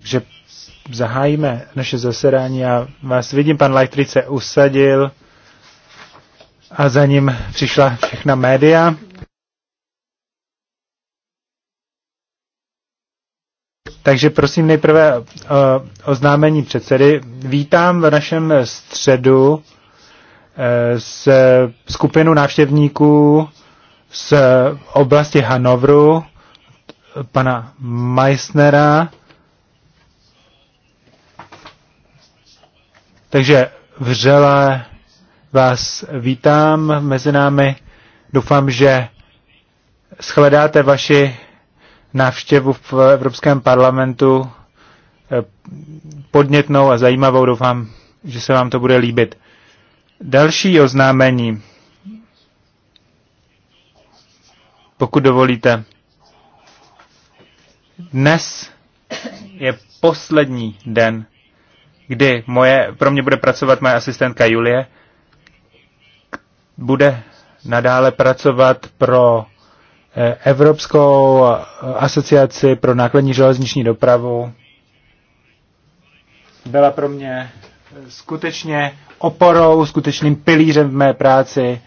Takže zahájíme naše zasedání. a vás vidím, pan Lightry se usadil a za ním přišla všechna média. Takže prosím nejprve o eh, oznámení předsedy. Vítám v našem středu uh, s skupinu návštěvníků z oblasti Hanovru, pana Meissnera. Takže vřele vás vítám mezi námi. Doufám, že shledáte vaši návštěvu v Evropském parlamentu eh, podnětnou a zajímavou. Doufám, že se vám to bude líbit. Další oznámení, pokud dovolíte. Dnes je poslední den, kdy moje, pro mě bude pracovat moje asistentka Julie, bude nadále pracovat pro eh, Evropskou eh, asociaci pro nákladní železniční dopravu. Byla pro mě eh, skutečně oporou, skutečným pilířem v mé práci.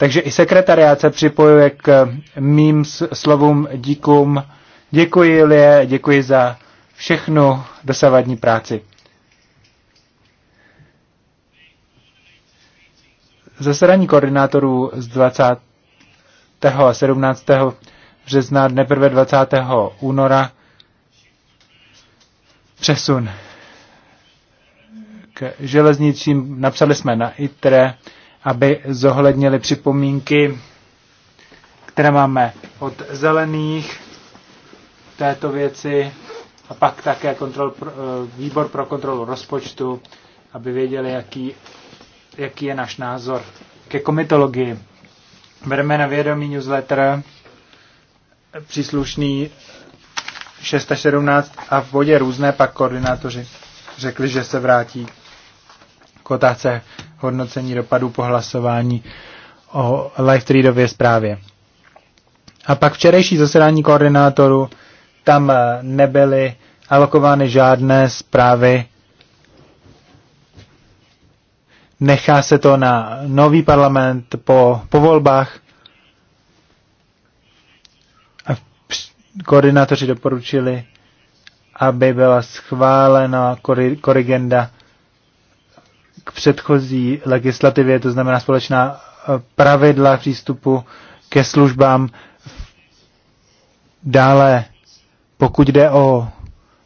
Takže i sekretariát se připojuje k eh, mým slovům díkům. Děkuji, Ilie, děkuji za všechnu dosavadní práci. Zasedání koordinátorů z 20. a 17. března, dne 1. 20. února, přesun k železnicím, napsali jsme na ITRE, aby zohlednili připomínky, které máme od zelených této věci a pak také kontrol, eh, výbor pro kontrolu rozpočtu, aby věděli, jaký, jaký je náš názor ke komitologii. Bereme na vědomí newsletter příslušný 617 a v bodě různé pak koordinátoři řekli, že se vrátí k otázce hodnocení dopadů po hlasování o live treadově zprávě. A pak včerejší zasedání koordinátorů, tam eh, nebyly alokovány žádné zprávy. Nechá se to na nový parlament po, po volbách. A koordinátoři doporučili, aby byla schválena korigenda předchozí legislativě, to znamená společná eh, pravidla přístupu ke službám. Dále, pokud jde o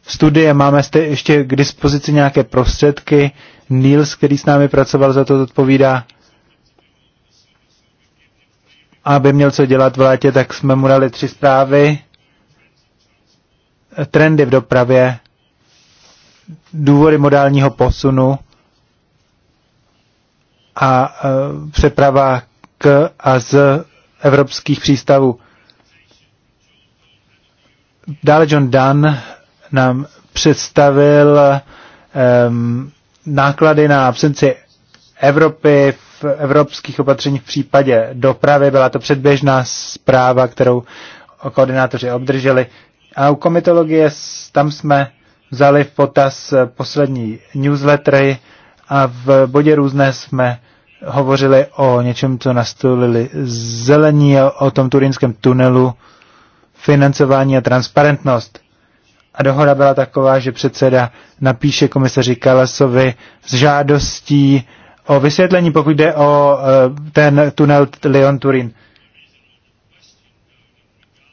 studie, máme zde ještě k dispozici nějaké prostředky. Niels, který s námi pracoval, za to odpovídá. Aby měl co dělat v létě, tak jsme mu dali tři zprávy. Trendy v dopravě, důvody modálního posunu a e, přeprava k a z evropských přístavů. Dále John Dunn nám představil e, náklady na absenci Evropy v evropských opatřeních v případě dopravy. Byla to předběžná zpráva, kterou koordinátoři obdrželi. A u komitologie tam jsme vzali v potaz poslední newslettery a v bodě různé jsme hovořili o něčem, co nastolili zelení, o tom turínském tunelu, financování a transparentnost. A dohoda byla taková, že předseda napíše komisaři Kalasovi s žádostí o vysvětlení, pokud jde o e, ten tunel Lyon-Turín.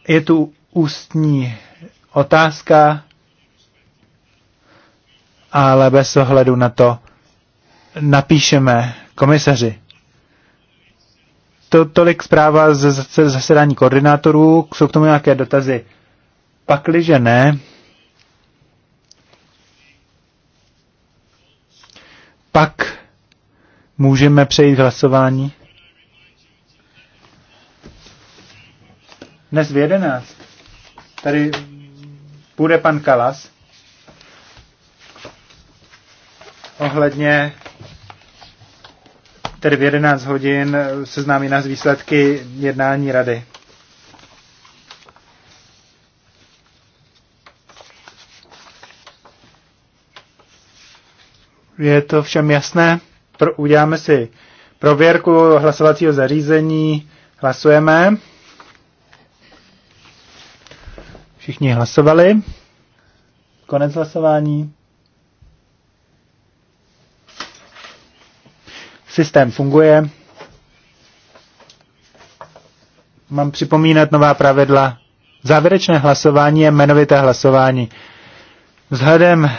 Je tu ústní otázka, ale bez ohledu na to, napíšeme komisaři. To, tolik zpráva z zasedání koordinátorů. Jsou k tomu nějaké dotazy? Pakliže ne, pak můžeme přejít k hlasování. Dnes v 11. Tady bude pan Kalas ohledně tedy v 11 hodin eh, seznámí nás výsledky jednání rady. Je to všem jasné? Pro, uděláme si prověrku hlasovacího zařízení. Hlasujeme. Všichni hlasovali. Konec hlasování. systém funguje. Mám připomínat nová pravidla. Závěrečné hlasování je jmenovité hlasování. Vzhledem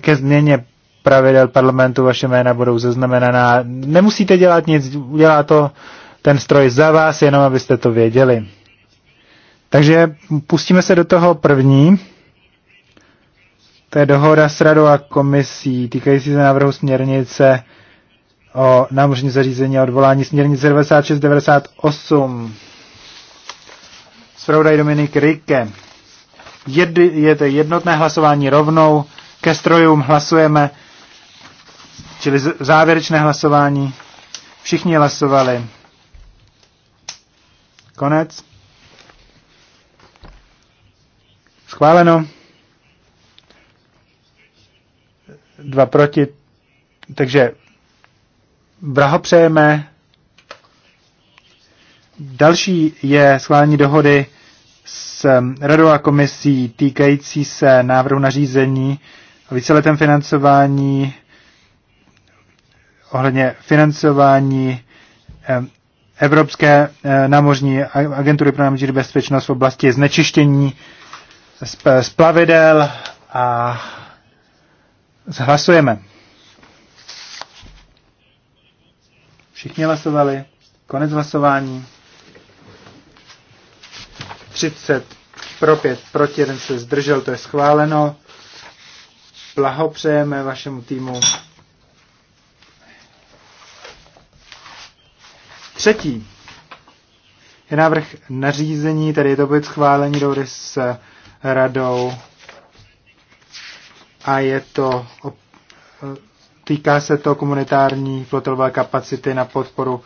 ke změně pravidel parlamentu vaše jména budou zaznamenaná. Nemusíte dělat nic, udělá to ten stroj za vás, jenom abyste to věděli. Takže pustíme se do toho první. To je dohoda s radou a komisí týkající se návrhu směrnice o námořní zařízení a odvolání směrnice 96-98. Spravodaj Dominik Rike. Jed, je to jednotné hlasování rovnou. Ke strojům hlasujeme, čili závěrečné hlasování. Všichni hlasovali. Konec. Schváleno. Dva proti. Takže blahopřejeme. Další je schválení dohody s um, radou a komisí týkající se návrhu nařízení o víceletém financování ohledně financování um, Evropské eh, námořní agentury pro námořní bezpečnost v oblasti znečištění z plavidel a zhlasujeme. Všichni hlasovali. Konec hlasování. 30 pro 5, proti 1 se zdržel, to je schváleno. Blahopřejeme vašemu týmu. Třetí je návrh nařízení, tady je to být schválení dohody s radou a je to Týká se to komunitární flotilové kapacity na podporu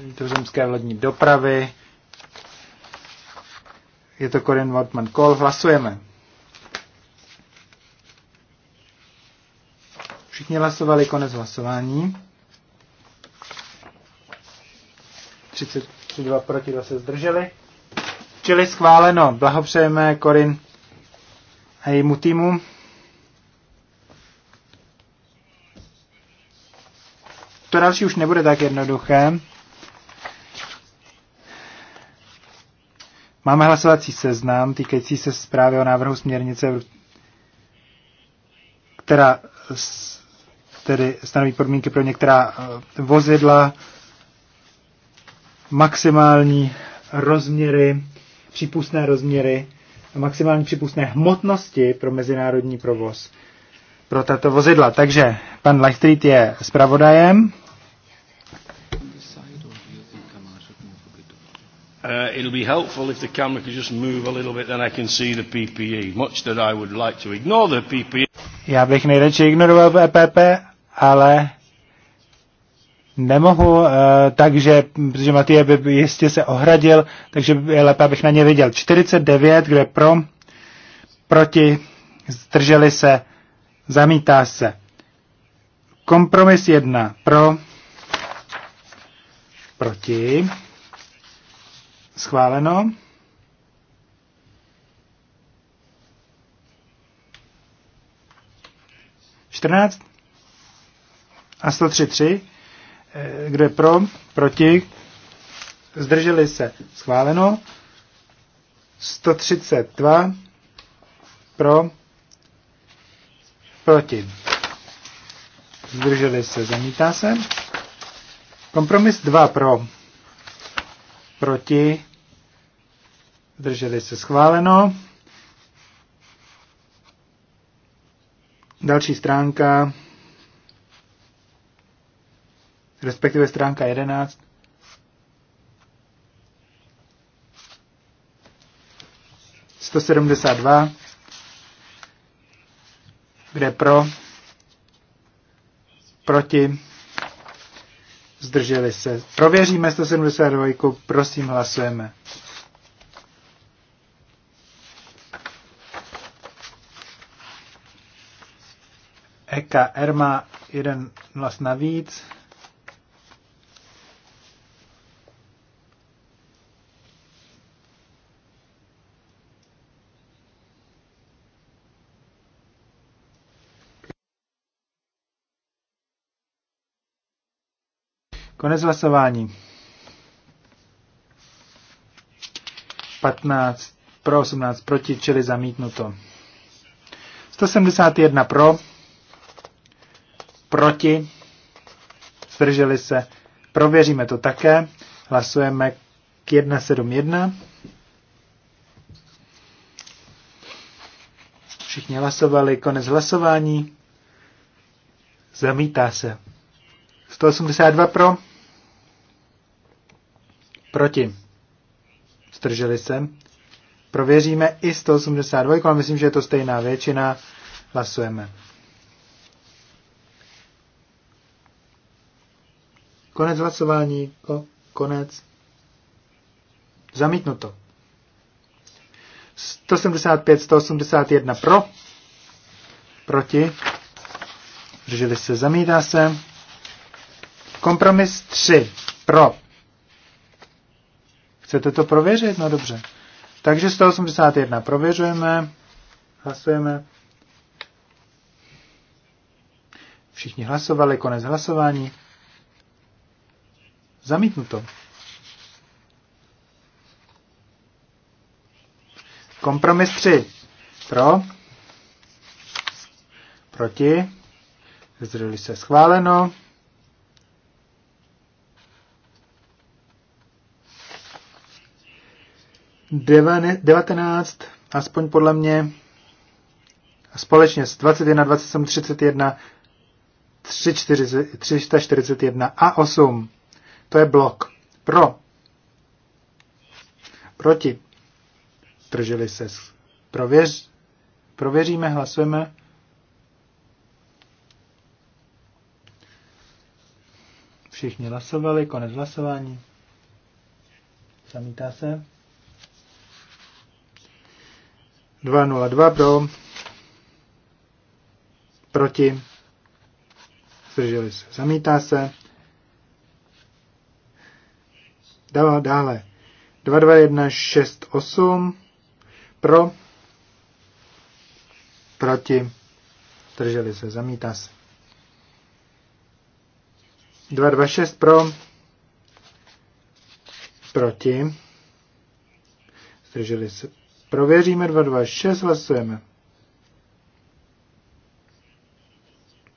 vnitrozemské eh, lodní dopravy. Je to Corin Wortman Call. Hlasujeme. Všichni hlasovali konec hlasování. 32 proti 2 se zdrželi. Čili schváleno. Blahopřejeme Corin, a jejímu týmu. to další už nebude tak jednoduché. Máme hlasovací seznam týkající se zprávy o návrhu směrnice, která tedy stanoví podmínky pro některá eh, vozidla, maximální rozměry, přípustné rozměry, maximální přípustné hmotnosti pro mezinárodní provoz pro tato vozidla. Takže pan Leichtrit je zpravodajem Uh, it'll be helpful if the camera could just move a little bit, then I can see the PPE. Much that I would like to ignore the PPE. Já bych nejradši ignoroval EPP, ale nemohu, uh, takže, protože Matěj by jistě se ohradil, takže je lépe, abych na ně viděl. 49, kde pro, proti, zdrželi se, zamítá se. Kompromis 1, pro, proti Schváleno. Čtrnáct a 133. Eh, kdo je pro? Proti? Zdrželi se. Schváleno. 132. Pro? Proti? Zdrželi se. Zamítá se. Kompromis 2 pro. Proti? Drželi se schváleno. Další stránka, respektive stránka 11. Sto sedmdesát dva, kde pro, proti, zdrželi se. Prověříme 172, prosím hlasujeme. EKR má jeden hlas navíc. Konec hlasování. 15 pro 18 proti, čili zamítnuto. 171 pro, proti, zdrželi se, prověříme to také, hlasujeme k 171. Všichni hlasovali, konec hlasování, zamítá se. 182 pro, proti, zdrželi se. Prověříme i 182, ale myslím, že je to stejná většina. Hlasujeme. Konec hlasování. O, konec. Zamítnuto. 175, 181 pro. Proti. Drželi se, zamítá se. Kompromis 3 pro. Chcete to prověřit? No dobře. Takže 181 prověřujeme, hlasujeme. Všichni hlasovali, konec hlasování. Zamítnuto. Kompromis 3. Pro. Proti. Zdrželi se schváleno. Devane, 19, aspoň podle mě, společně s 21, 27, 31, 341 a 8. To je blok. Pro. Proti. Drželi se. Prověř, prověříme, hlasujeme. Všichni hlasovali, konec hlasování. Zamítá se. 202 pro. Proti. Zdrželi se. Zamítá se. Dále. 22168 pro, proti, drželi se, zamítá se. 226 pro, proti, zdrželi se. Prověříme 226, hlasujeme.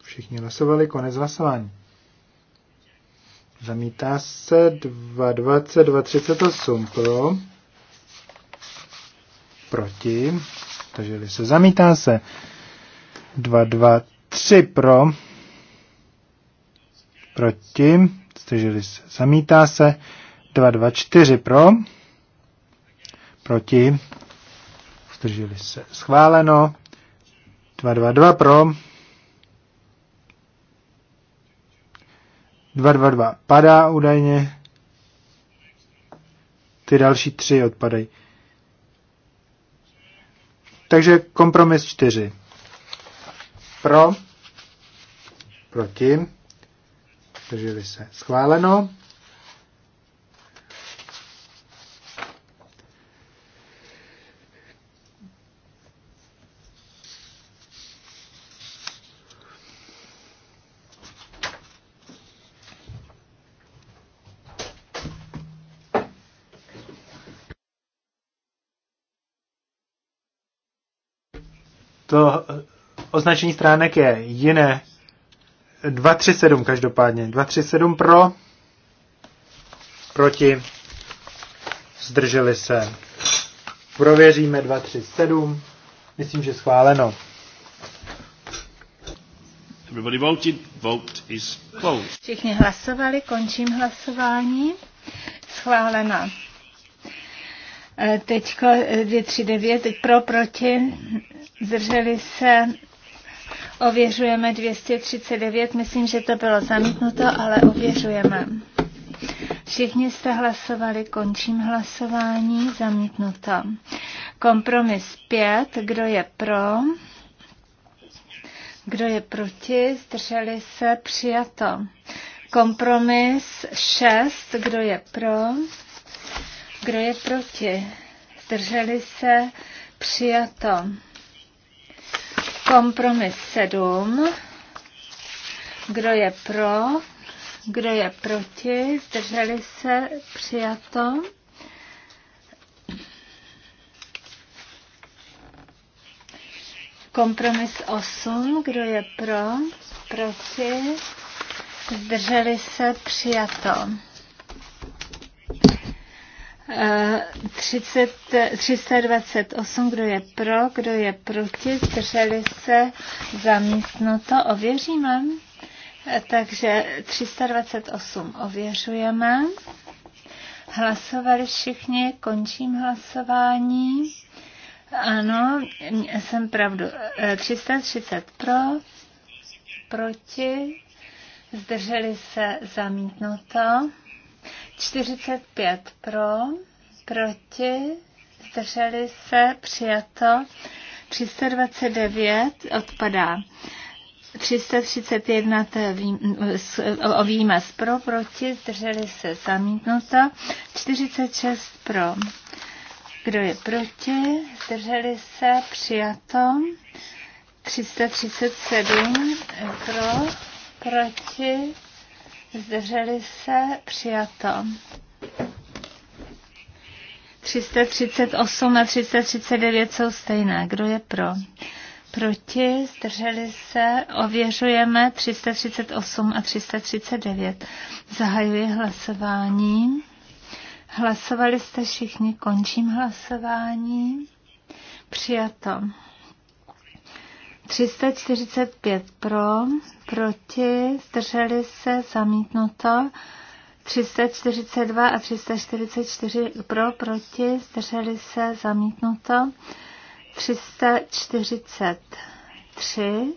Všichni hlasovali, konec hlasování. Zamítá se 220, 238 pro. Proti. Takže se zamítá se 223 pro. Proti. Zdrželi se. Zamítá se 224 pro. Proti. Zdrželi se. Schváleno. 222 pro 222 padá údajně. Ty další tři odpadají. Takže kompromis 4. Pro, proti, drželi se. Schváleno. to označení stránek je jiné. 237 každopádně. 237 pro, proti, zdrželi se. Prověříme 237. Myslím, že schváleno. Everybody voted. Vote is closed. Všichni hlasovali, končím hlasování. Schválena. E, teďko 239 e, pro, proti, zdrželi se, ověřujeme 239, myslím, že to bylo zamítnuto, ale ověřujeme. Všichni jste hlasovali, končím hlasování, zamítnuto. Kompromis 5, kdo je pro? Kdo je proti? Zdrželi se? Přijato. Kompromis 6. Kdo je pro? Kdo je proti? Zdrželi se? Přijato. Kompromis 7. Kdo je pro? Kdo je proti? Zdrželi se? Přijato? Kompromis 8. Kdo je pro? Proti? Zdrželi se? Přijato? 328, kdo je pro, kdo je proti, zdrželi se, zamítnuto, ověříme. Takže 328 ověřujeme. Hlasovali všichni, končím hlasování. Ano, jsem pravdu. 330 pro, proti, zdrželi se zamítnuto. 45 pro, proti, zdrželi se, přijato. 329 odpadá. 331 o výmaz pro, proti, zdrželi se, zamítnuto. 46 pro. Kdo je proti? Zdrželi se, přijato. 337 pro, proti, zdrželi se, přijato. 338 a 339 jsou stejné. Kdo je pro? Proti, zdrželi se, ověřujeme 338 a 339. Zahajuji hlasování. Hlasovali jste všichni, končím hlasování. Přijato. 345 pro, proti, zdrželi se, zamítnuto. 342 a 344 pro, proti, zdrželi se, zamítnuto. 343.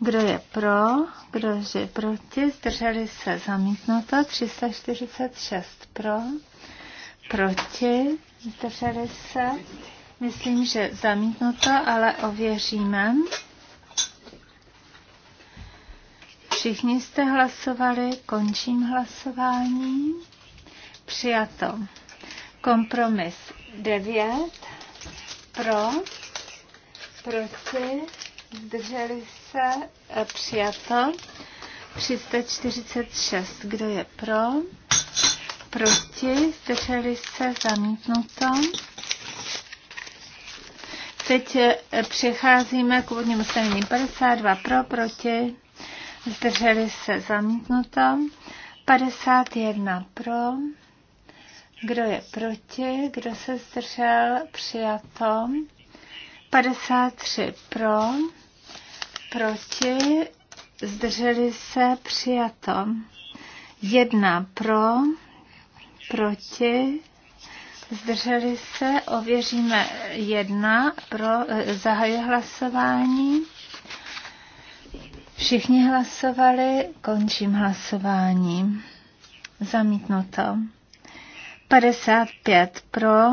Kdo je pro, kdo je proti, zdrželi se, zamítnuto. 346 pro, proti, zdrželi se. Myslím, že zamítnuto, ale ověříme. Všichni jste hlasovali, končím hlasování. Přijato. Kompromis 9. Pro. Proti. Zdrželi se. E, přijato. 346. Kdo je pro? Proti. Zdrželi se. Zamítnuto. Teď eh, přecházíme k úvodnímu ustanovením 52 pro, proti, zdrželi se zamítnuto, 51 pro, kdo je proti, kdo se zdržel, přijato, 53 pro, proti, zdrželi se, přijato, 1 pro, proti, zdrželi se, ověříme jedna, pro, eh, zahajuje hlasování. Všichni hlasovali, končím hlasování. Zamítnuto. 55 pro,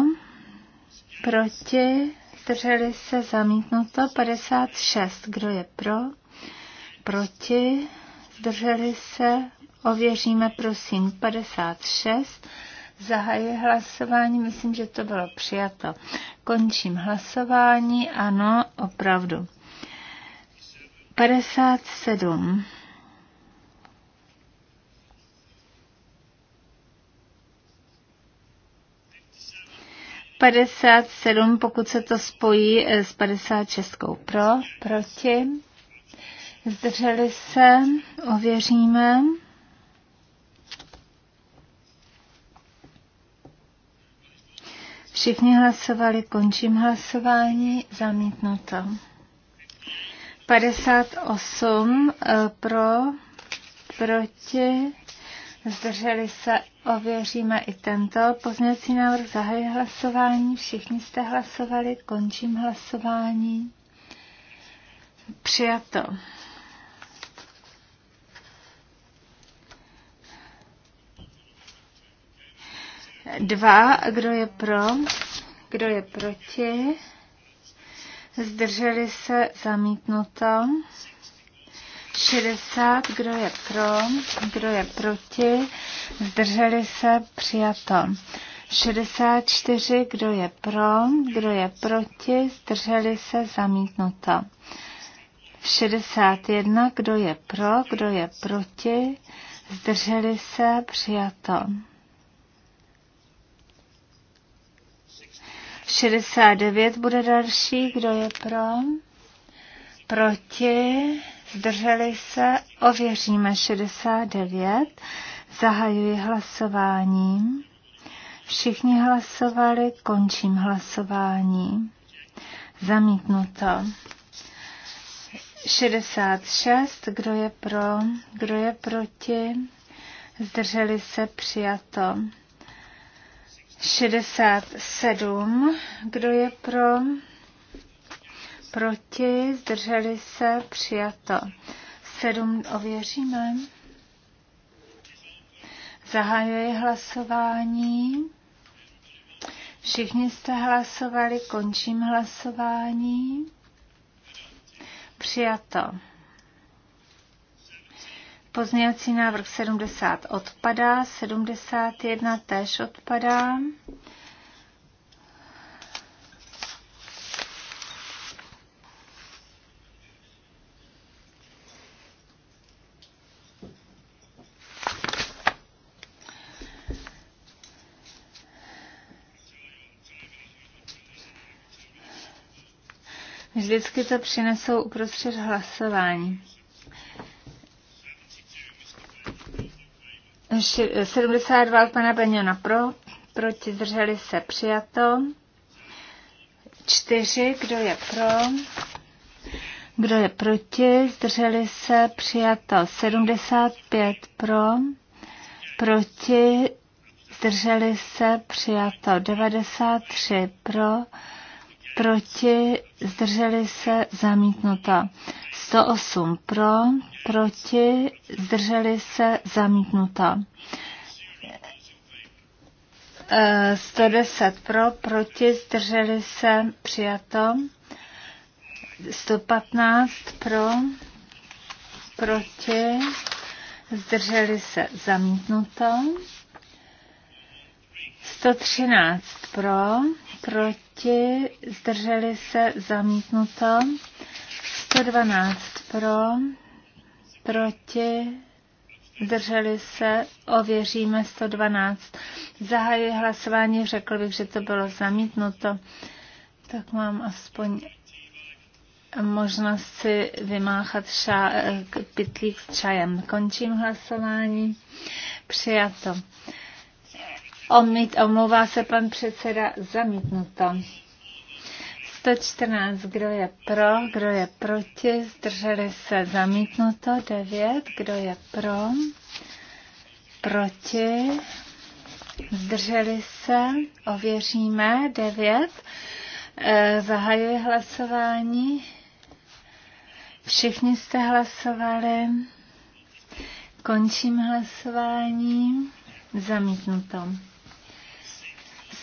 proti, zdrželi se, zamítnuto. 56, kdo je pro, proti, zdrželi se, ověříme prosím 56. Zahajuji hlasování, myslím, že to bylo přijato. Končím hlasování, ano, opravdu. 57. Padesát sedm, pokud se to spojí eh, s padesát šestkou pro, proti. Zdrželi se, ověříme. Všichni hlasovali, končím hlasování, zamítnuto. 58 eh, pro, proti, zdrželi se, ověříme i tento pozměňovací návrh, zahají hlasování, všichni jste hlasovali, končím hlasování. Přijato. Dva, kdo je pro, kdo je proti, zdrželi se zamítnuto. 60, kdo je pro, kdo je proti, zdrželi se přijato. 64, kdo je pro, kdo je proti, zdrželi se zamítnuto. 61, kdo je pro, kdo je proti, zdrželi se přijato. 69 bude další. Kdo je pro? Proti? Zdrželi se? Ověříme 69. Zahajuji hlasování. Všichni hlasovali, končím hlasování. Zamítnuto. 66. Kdo je pro? Kdo je proti? Zdrželi se? Přijato. 67. Kdo je pro? Proti? Zdrželi se? Přijato. 7 ověříme. Zahajuji hlasování. Všichni jste hlasovali, končím hlasování. Přijato. Pozměňovací návrh 70 odpadá, 71 též odpadá. Vždycky to přinesou uprostřed hlasování. 72 pana Beňona pro, proti zdrželi se přijato. 4, kdo je pro, kdo je proti, zdrželi se přijato. 75 pro, proti, zdrželi se přijato. 93 pro, proti, zdrželi se, zamítnuto. 108 pro, proti, zdrželi se, zamítnuto. 110 e, pro, proti, zdrželi se, přijato. 115 pro, proti, zdrželi se, zamítnuto. 113 pro, proti, zdrželi se, zamítnuto. 112 pro, proti, zdrželi se, ověříme 112. Zahajuji hlasování, řekl bych, že to bylo zamítnuto. Tak mám aspoň možnost si vymáchat ša- pitlík eh, s čajem. Končím hlasování. Přijato. Omít, omlouvá se pan předseda zamítnuto. 114, kdo je pro, kdo je proti, zdrželi se zamítnuto. 9, kdo je pro, proti, zdrželi se, ověříme. 9, eh, zahajuji hlasování. Všichni jste hlasovali. Končím hlasování. Zamítnuto.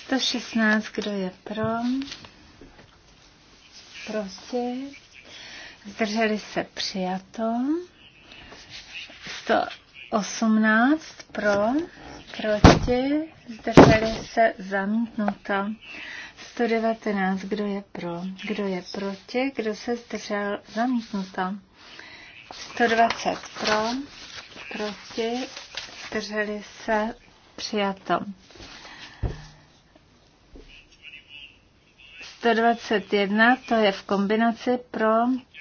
116, kdo je pro? Proti? Zdrželi se přijato. 118 pro, proti, zdrželi se zamítnuto. 119, kdo je pro, kdo je proti, kdo se zdržel zamítnuto. 120 pro, proti, zdrželi se přijato. 121, to je v kombinaci pro,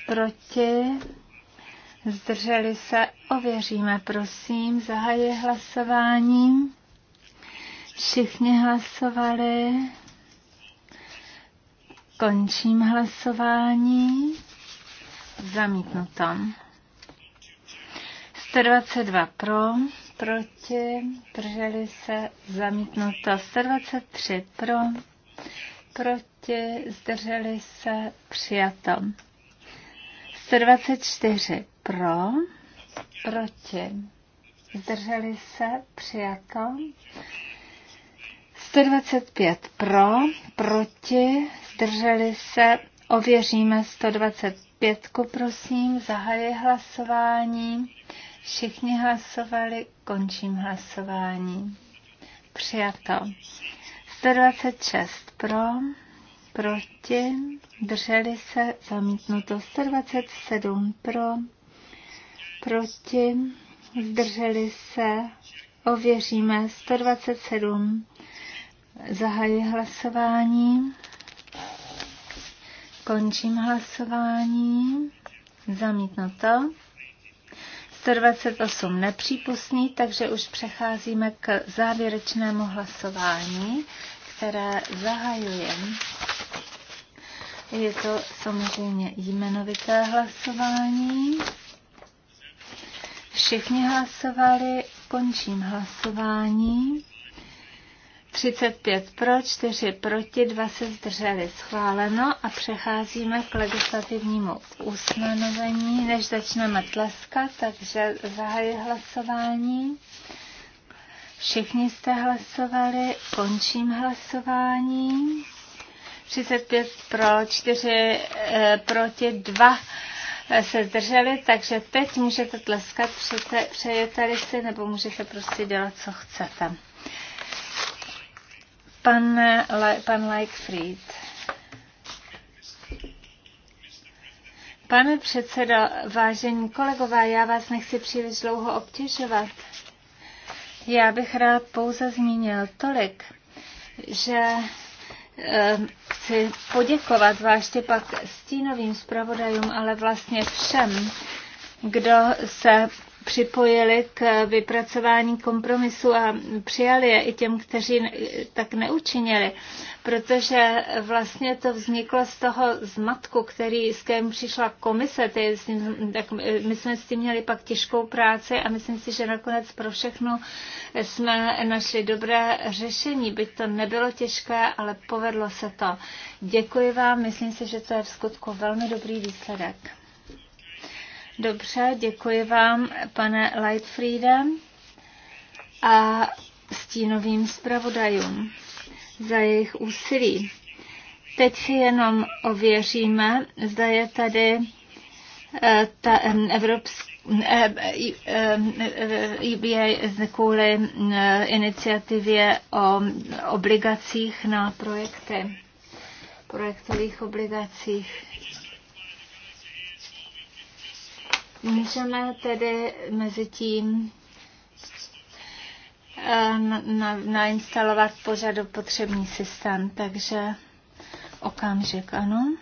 proti, zdrželi se, ověříme, prosím, zahajuji hlasování. Všichni hlasovali. Končím hlasování. Zamítnuto. 122 pro, proti, drželi se, zamítnuto. 123 pro, proti, zdrželi se, přijato. 124 pro, proti, zdrželi se, přijato. 125 pro, proti, zdrželi se, ověříme 125, prosím, zahajuji hlasování. Všichni hlasovali, končím hlasování. Přijato. 126 pro, proti, drželi se, zamítnuto. 127 pro, proti, zdrželi se, ověříme. 127 zahají hlasování. Končím hlasování. Zamítnuto. 128 nepřípustný, takže už přecházíme k závěrečnému hlasování které zahajuji. Je to samozřejmě jmenovité hlasování. Všichni hlasovali, končím hlasování. 35 pro, 4 proti, 2 se zdrželi schváleno a přecházíme k legislativnímu usmanovení. Než začneme tleskat, takže zahajuji hlasování. Všichni jste hlasovali, končím hlasování. 35 pro, 4 e, eh, proti, 2 eh, se zdrželi, takže teď můžete tleskat, přejete, přejete si, nebo můžete prostě dělat, co chcete. Pan, pan Leichfried. Pane předsedo, vážení kolegové, já vás nechci příliš dlouho obtěžovat. Já bych rád pouze zmínil tolik, že eh, chci poděkovat zvláště pak stínovým zpravodajům, ale vlastně všem, kdo se připojili k vypracování kompromisu a přijali je i těm, kteří tak neučinili, protože vlastně to vzniklo z toho zmatku, který, s kterým přišla komise, ty, tak my jsme s tím měli pak těžkou práci a myslím si, že nakonec pro všechno jsme našli dobré řešení, byť to nebylo těžké, ale povedlo se to. Děkuji vám, myslím si, že to je v skutku velmi dobrý výsledek. Dobře, děkuji vám, pane Lightfriede a stínovým zpravodajům za jejich úsilí. Teď si jenom ověříme, zda je tady eh, ta eh, evropská EBA eh, kvůli iniciativě o obligacích na projekty, projektových obligacích. Můžeme tedy mezi tím eh, nainstalovat pořadu potřebný systém, takže okamžik, ano.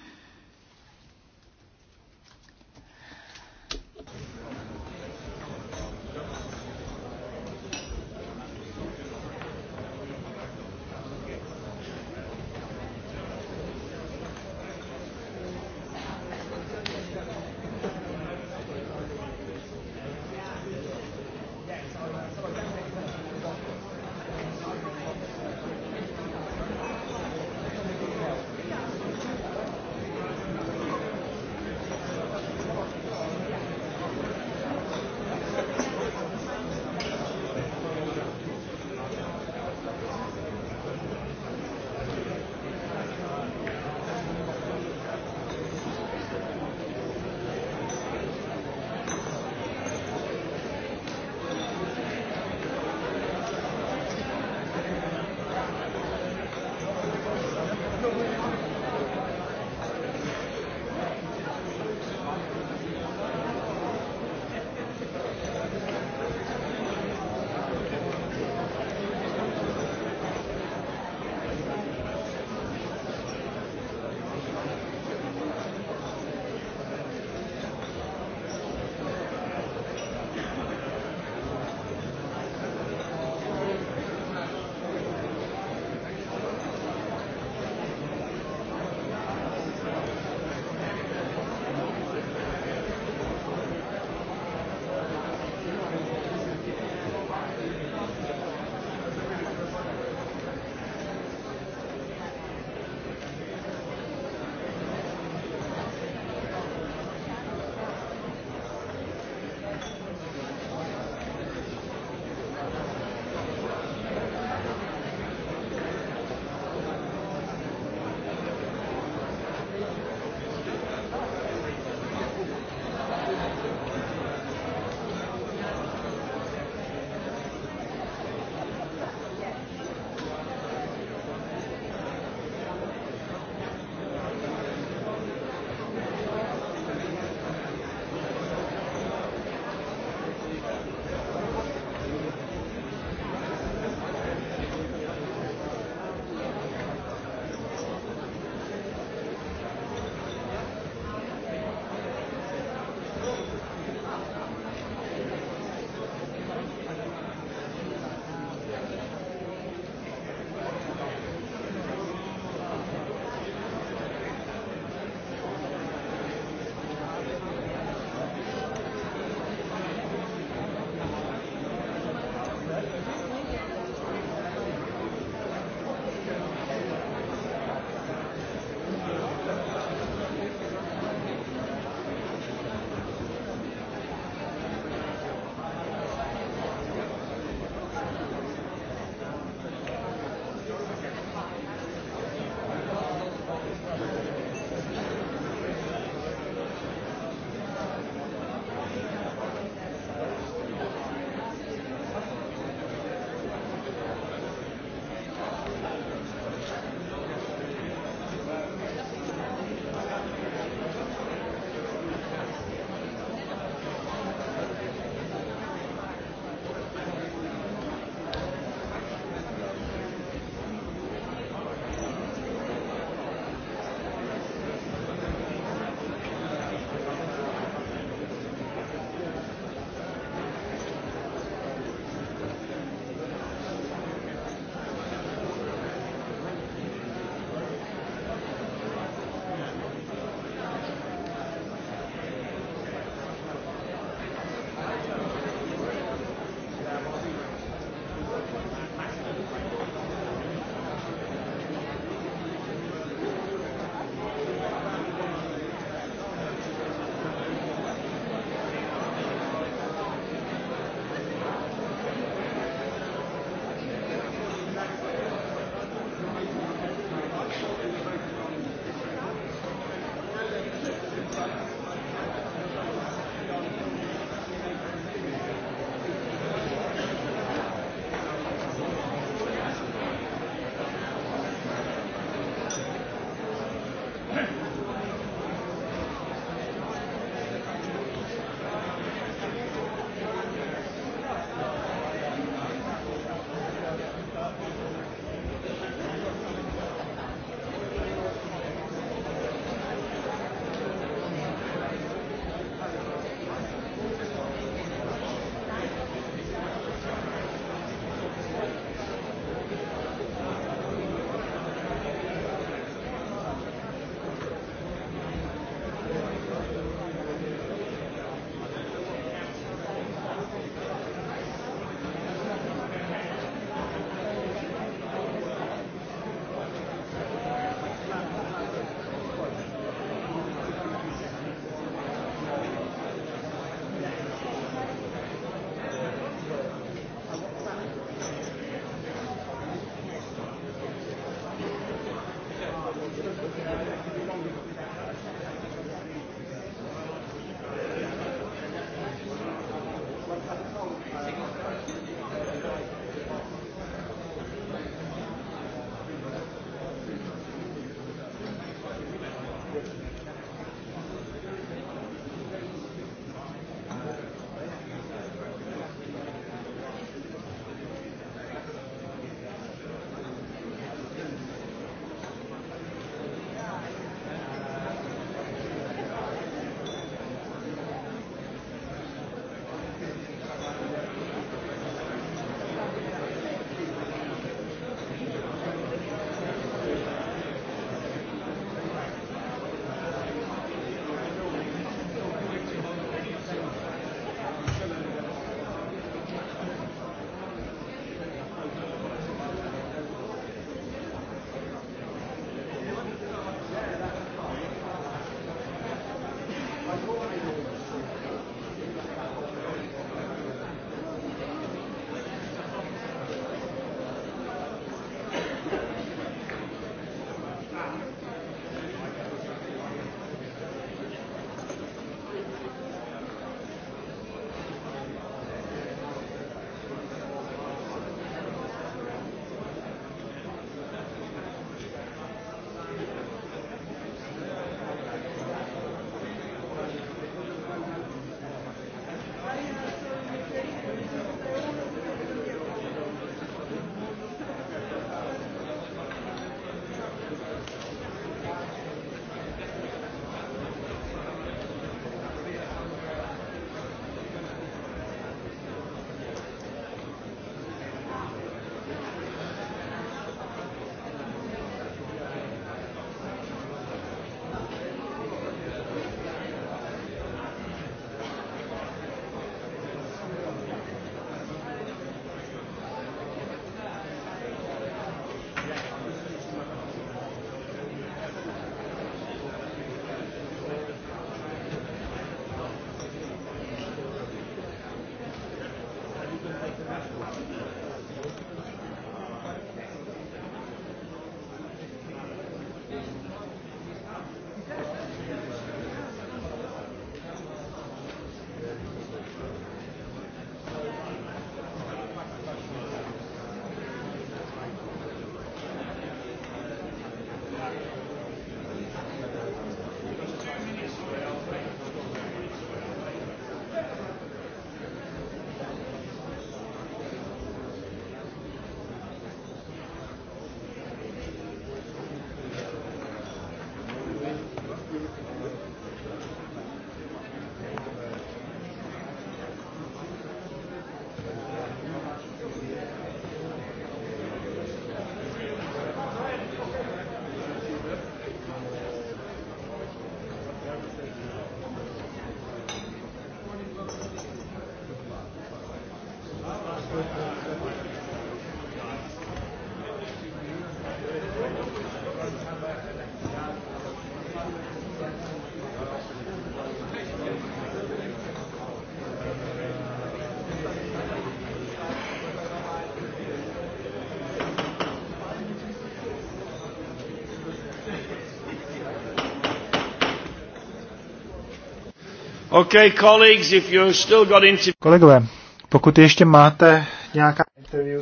Kolegové, pokud ještě máte nějaká interview,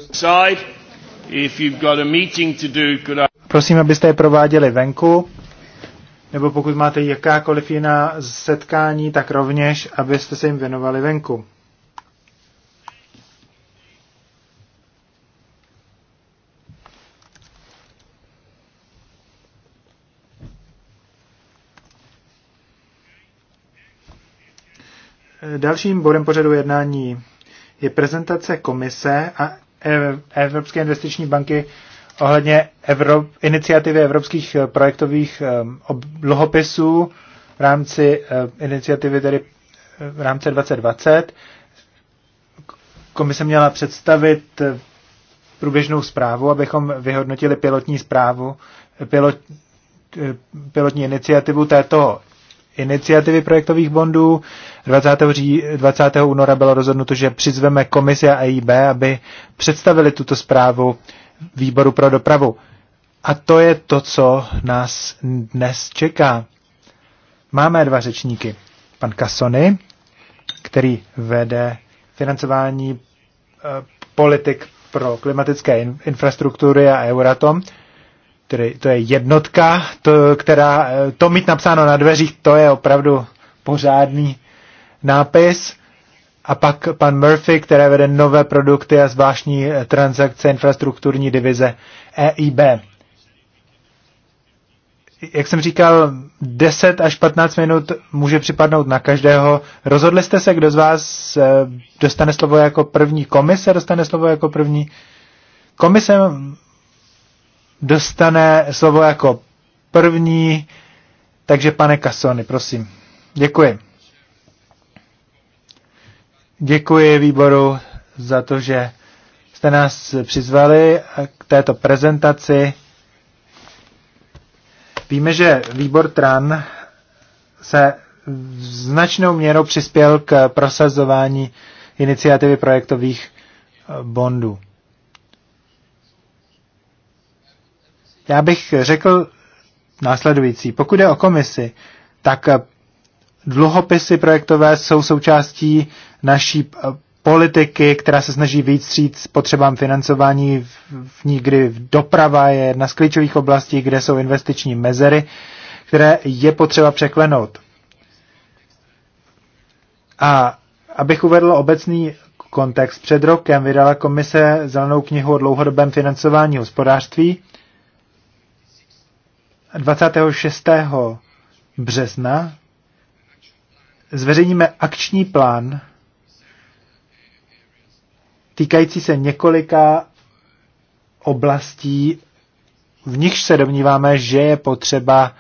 prosím, abyste je prováděli venku, nebo pokud máte jakákoliv jiná setkání, tak rovněž, abyste se jim věnovali venku. Dalším bodem pořadu jednání je prezentace komise a e- Evropské investiční banky ohledně Evrop, iniciativy evropských eh, projektových eh, dluhopisů v rámci eh, iniciativy tedy v rámci 2020. Komise měla představit průběžnou zprávu, abychom vyhodnotili pilotní zprávu, pilot, pilotní iniciativu této iniciativy projektových bondů. 20. Ří, 20. února bylo rozhodnuto, že přizveme komisi a EIB, aby představili tuto zprávu výboru pro dopravu. A to je to, co nás dnes čeká. Máme dva řečníky. Pan Kasony, který vede financování eh, politik pro klimatické infrastruktury a Euratom, tedy to je jednotka, to, která, eh, to mít napsáno na dveřích, to je opravdu pořádný nápis. A pak pan Murphy, které vede nové produkty a zvláštní eh, transakce infrastrukturní divize EIB. Jak jsem říkal, 10 až 15 minut může připadnout na každého. Rozhodli jste se, kdo z vás eh, dostane slovo jako první. Komise dostane slovo jako první. Komise dostane slovo jako první, takže pane Kasony, prosím. Děkuji. Děkuji výboru za to, že jste nás přizvali k této prezentaci. Víme, že výbor TRAN se značnou měrou přispěl k prosazování iniciativy projektových bondů. Já bych řekl následující. Pokud je o komisi, tak eh, dluhopisy projektové jsou součástí naší eh, politiky, která se snaží víc s potřebám financování v ní, kdy doprava je jedna z klíčových oblastí, kde jsou investiční mezery, které je potřeba překlenout. A abych uvedl obecný kontext, před rokem vydala komise zelenou knihu o dlouhodobém financování hospodářství, 26. března zveřejníme akční plán týkající se několika oblastí, v nichž se domníváme, že je potřeba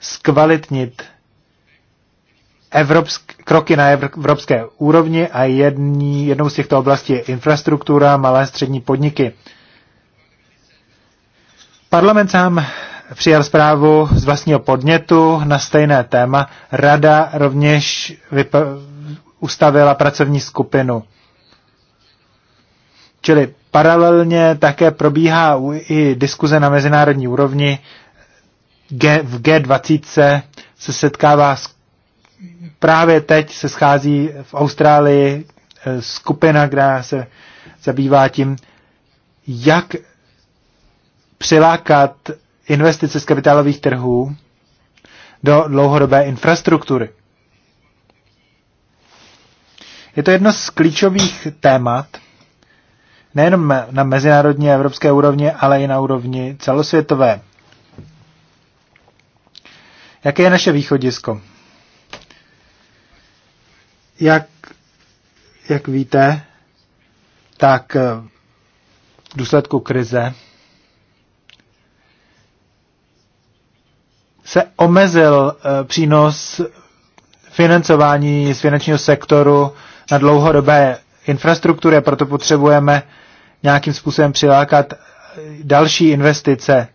zkvalitnit evropsk, kroky na evropské úrovni a jední, jednou z těchto oblastí je infrastruktura, malé a střední podniky. Parlament sám přijal zprávu z vlastního podnětu na stejné téma. Rada rovněž ustavila pracovní skupinu. Čili paralelně také probíhá i diskuze na mezinárodní úrovni. G, v G20 se setkává s, právě teď se schází v Austrálii e, skupina, která se zabývá tím, jak přilákat investice z kapitálových trhů do dlouhodobé infrastruktury. Je to jedno z klíčových témat, nejenom na mezinárodní a evropské úrovni, ale i na úrovni celosvětové. Jaké je naše východisko? Jak, jak víte, tak v důsledku krize se omezil eh, přínos financování z finančního sektoru na dlouhodobé infrastruktury, proto potřebujeme nějakým způsobem přilákat další investice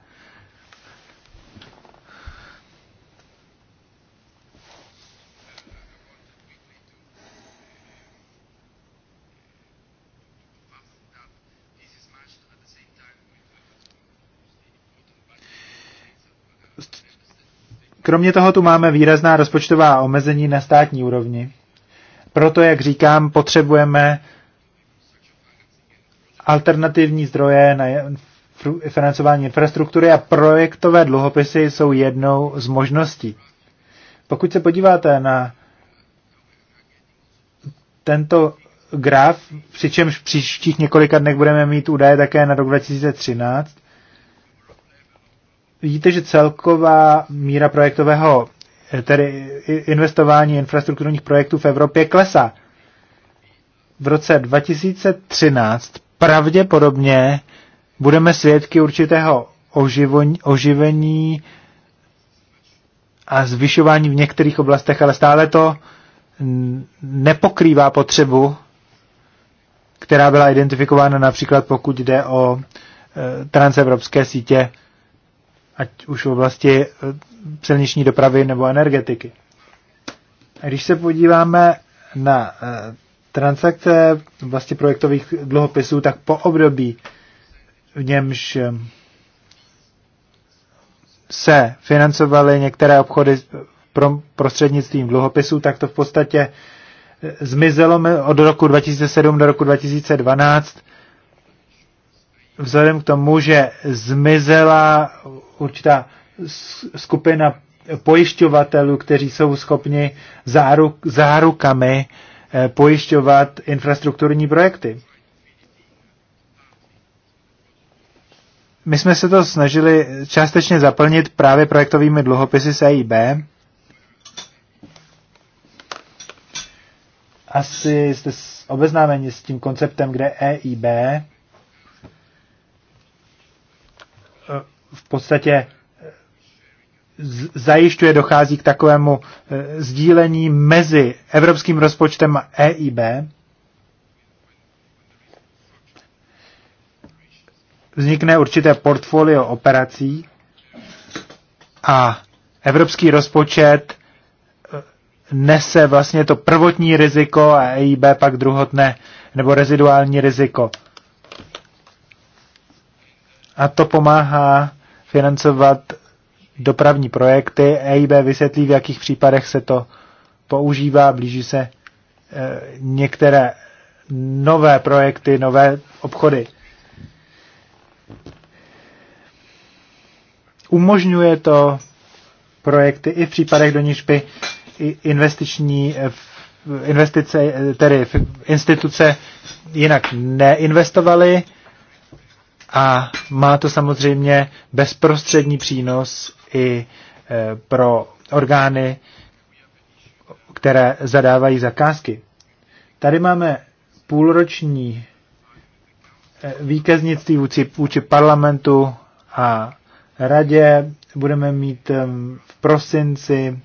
Kromě toho tu máme výrazná rozpočtová omezení na státní úrovni. Proto, jak říkám, potřebujeme alternativní zdroje na financování infrastruktury a projektové dluhopisy jsou jednou z možností. Pokud se podíváte na tento graf, přičemž v příštích několika dnech budeme mít údaje také na rok 2013, vidíte, že celková míra projektového, eh, tedy investování infrastrukturních projektů v Evropě klesá. V roce 2013 pravděpodobně budeme svědky určitého oživení a zvyšování v některých oblastech, ale stále to nepokrývá potřebu, která byla identifikována například pokud jde o eh, transevropské sítě ať už v oblasti eh, silniční dopravy nebo energetiky. A když se podíváme na eh, transakce vlastně projektových dluhopisů, tak po období, v němž eh, se financovaly některé obchody prostřednictvím dluhopisů, tak to v podstatě zmizelo od roku 2007 do roku 2012 vzhledem k tomu, že zmizela určitá skupina pojišťovatelů, kteří jsou schopni záruk, zárukami eh, pojišťovat infrastrukturní projekty. My jsme se to snažili částečně zaplnit právě projektovými dluhopisy z EIB. Asi jste obeznámeni s tím konceptem, kde EIB v podstatě eh, zajišťuje, dochází k takovému eh, sdílení mezi evropským rozpočtem a EIB. Vznikne určité portfolio operací a evropský rozpočet eh, nese vlastně to prvotní riziko a EIB pak druhotné nebo reziduální riziko. A to pomáhá financovat dopravní projekty. EIB vysvětlí, v jakých případech se to používá. Blíží se eh, některé nové projekty, nové obchody. Umožňuje to projekty i v případech, do níž by investiční eh, investice, eh, tedy instituce jinak neinvestovaly a má to samozřejmě bezprostřední přínos i e, pro orgány, které zadávají zakázky. Tady máme půlroční e, výkaznictví vůči, vůči parlamentu a radě. Budeme mít e, v prosinci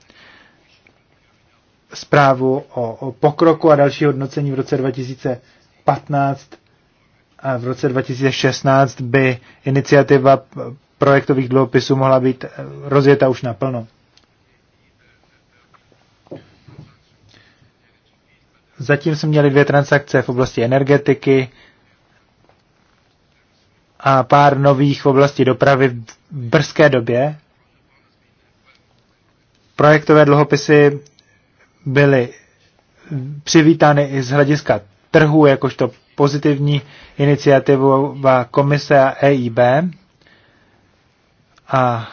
zprávu o, o pokroku a další hodnocení v roce 2015 a v roce 2016 by iniciativa projektových dluhopisů mohla být rozjeta už naplno. Zatím jsme měli dvě transakce v oblasti energetiky a pár nových v oblasti dopravy v brzké době. Projektové dluhopisy byly přivítány i z hlediska trhu jakožto pozitivní iniciativu komise a EIB. A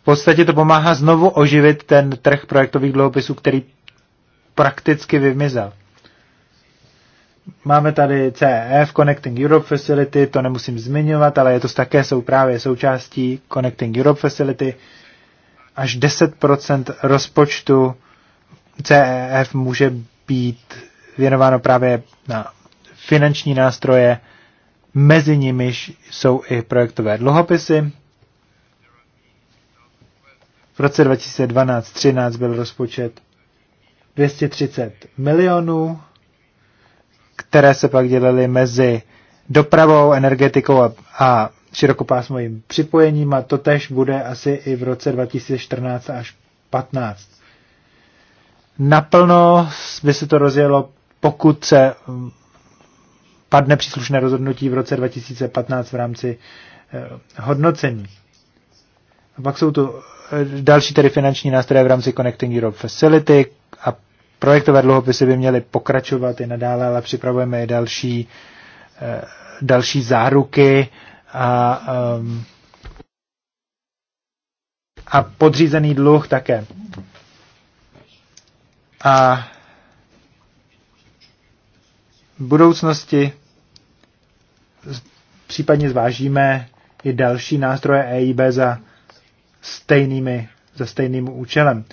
v podstatě to pomáhá znovu oživit ten trh projektových dluhopisů, který prakticky vymizel. Máme tady CEF, Connecting Europe Facility, to nemusím zmiňovat, ale je to také jsou právě součástí Connecting Europe Facility. Až 10% rozpočtu CEF může být věnováno právě na finanční nástroje, mezi nimiž jsou i projektové dluhopisy. V roce 2012-13 byl rozpočet 230 milionů, které se pak dělily mezi dopravou, energetikou a, a širokopásmovým připojením a to tež bude asi i v roce 2014 až 15. Naplno by se to rozjelo, pokud se padne příslušné rozhodnutí v roce 2015 v rámci eh, hodnocení. A pak jsou tu eh, další tedy finanční nástroje v rámci Connecting Europe Facility a projektové dluhopisy by měly pokračovat i nadále, ale připravujeme i další, eh, další záruky a, ehm, a podřízený dluh také. A v budoucnosti případně zvážíme i další nástroje EIB za, stejnými, za stejným účelem.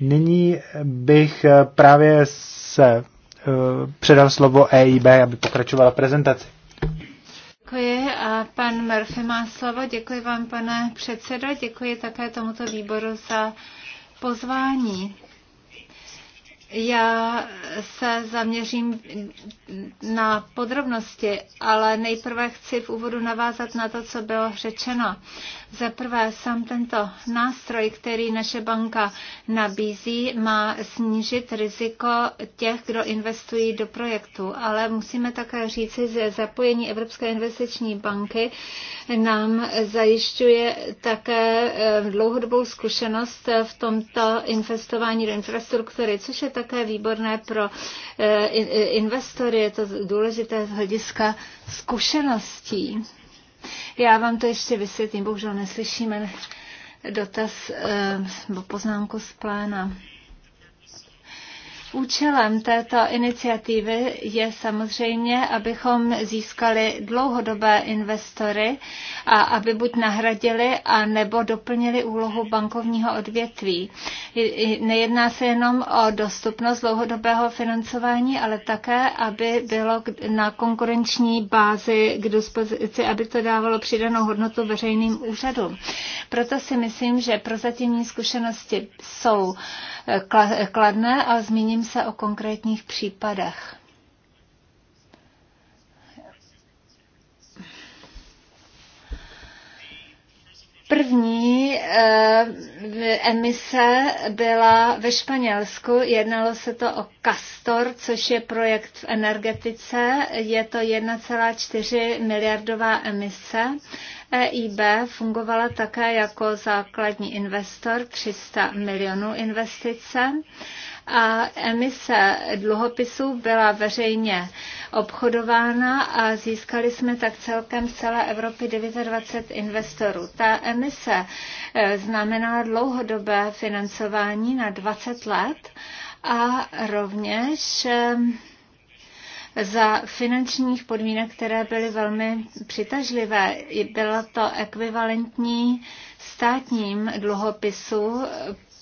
Nyní bych eh, právě se eh, předal slovo EIB, aby pokračovala prezentaci. Děkuji a pan Murphy má slovo. Děkuji vám, pane předsedo. Děkuji také tomuto výboru za pozvání. Já se zaměřím na podrobnosti, ale nejprve chci v úvodu navázat na to, co bylo řečeno. Za prvé, sám tento nástroj, který naše banka nabízí, má snížit riziko těch, kdo investují do projektu. Ale musíme také říci, že zapojení Evropské investiční banky nám zajišťuje také eh, dlouhodobou zkušenost v tomto investování do infrastruktury, což je také výborné pro eh, eh, investory, je to důležité z hlediska zkušeností. Já vám to ještě vysvětlím, bohužel neslyšíme dotaz eh, nebo poznámku z pléna. Účelem této iniciativy je samozřejmě, abychom získali dlouhodobé investory a aby buď nahradili a nebo doplnili úlohu bankovního odvětví. Nejedná se jenom o dostupnost dlouhodobého financování, ale také, aby bylo na konkurenční bázi k dispozici, aby to dávalo přidanou hodnotu veřejným úřadům. Proto si myslím, že prozatímní zkušenosti jsou eh, kladné a zmíním Zmíním se o konkrétních případech. První eh, emise byla ve Španělsku. Jednalo se to o Castor, což je projekt v energetice. Je to 1,4 miliardová emise. EIB fungovala také jako základní investor, 300 milionů investice a emise dluhopisů byla veřejně obchodována a získali jsme tak celkem z celé Evropy 29 investorů. Ta emise e, znamenala dlouhodobé financování na 20 let a rovněž e, za finančních podmínek, které byly velmi přitažlivé. Bylo to ekvivalentní státním dluhopisu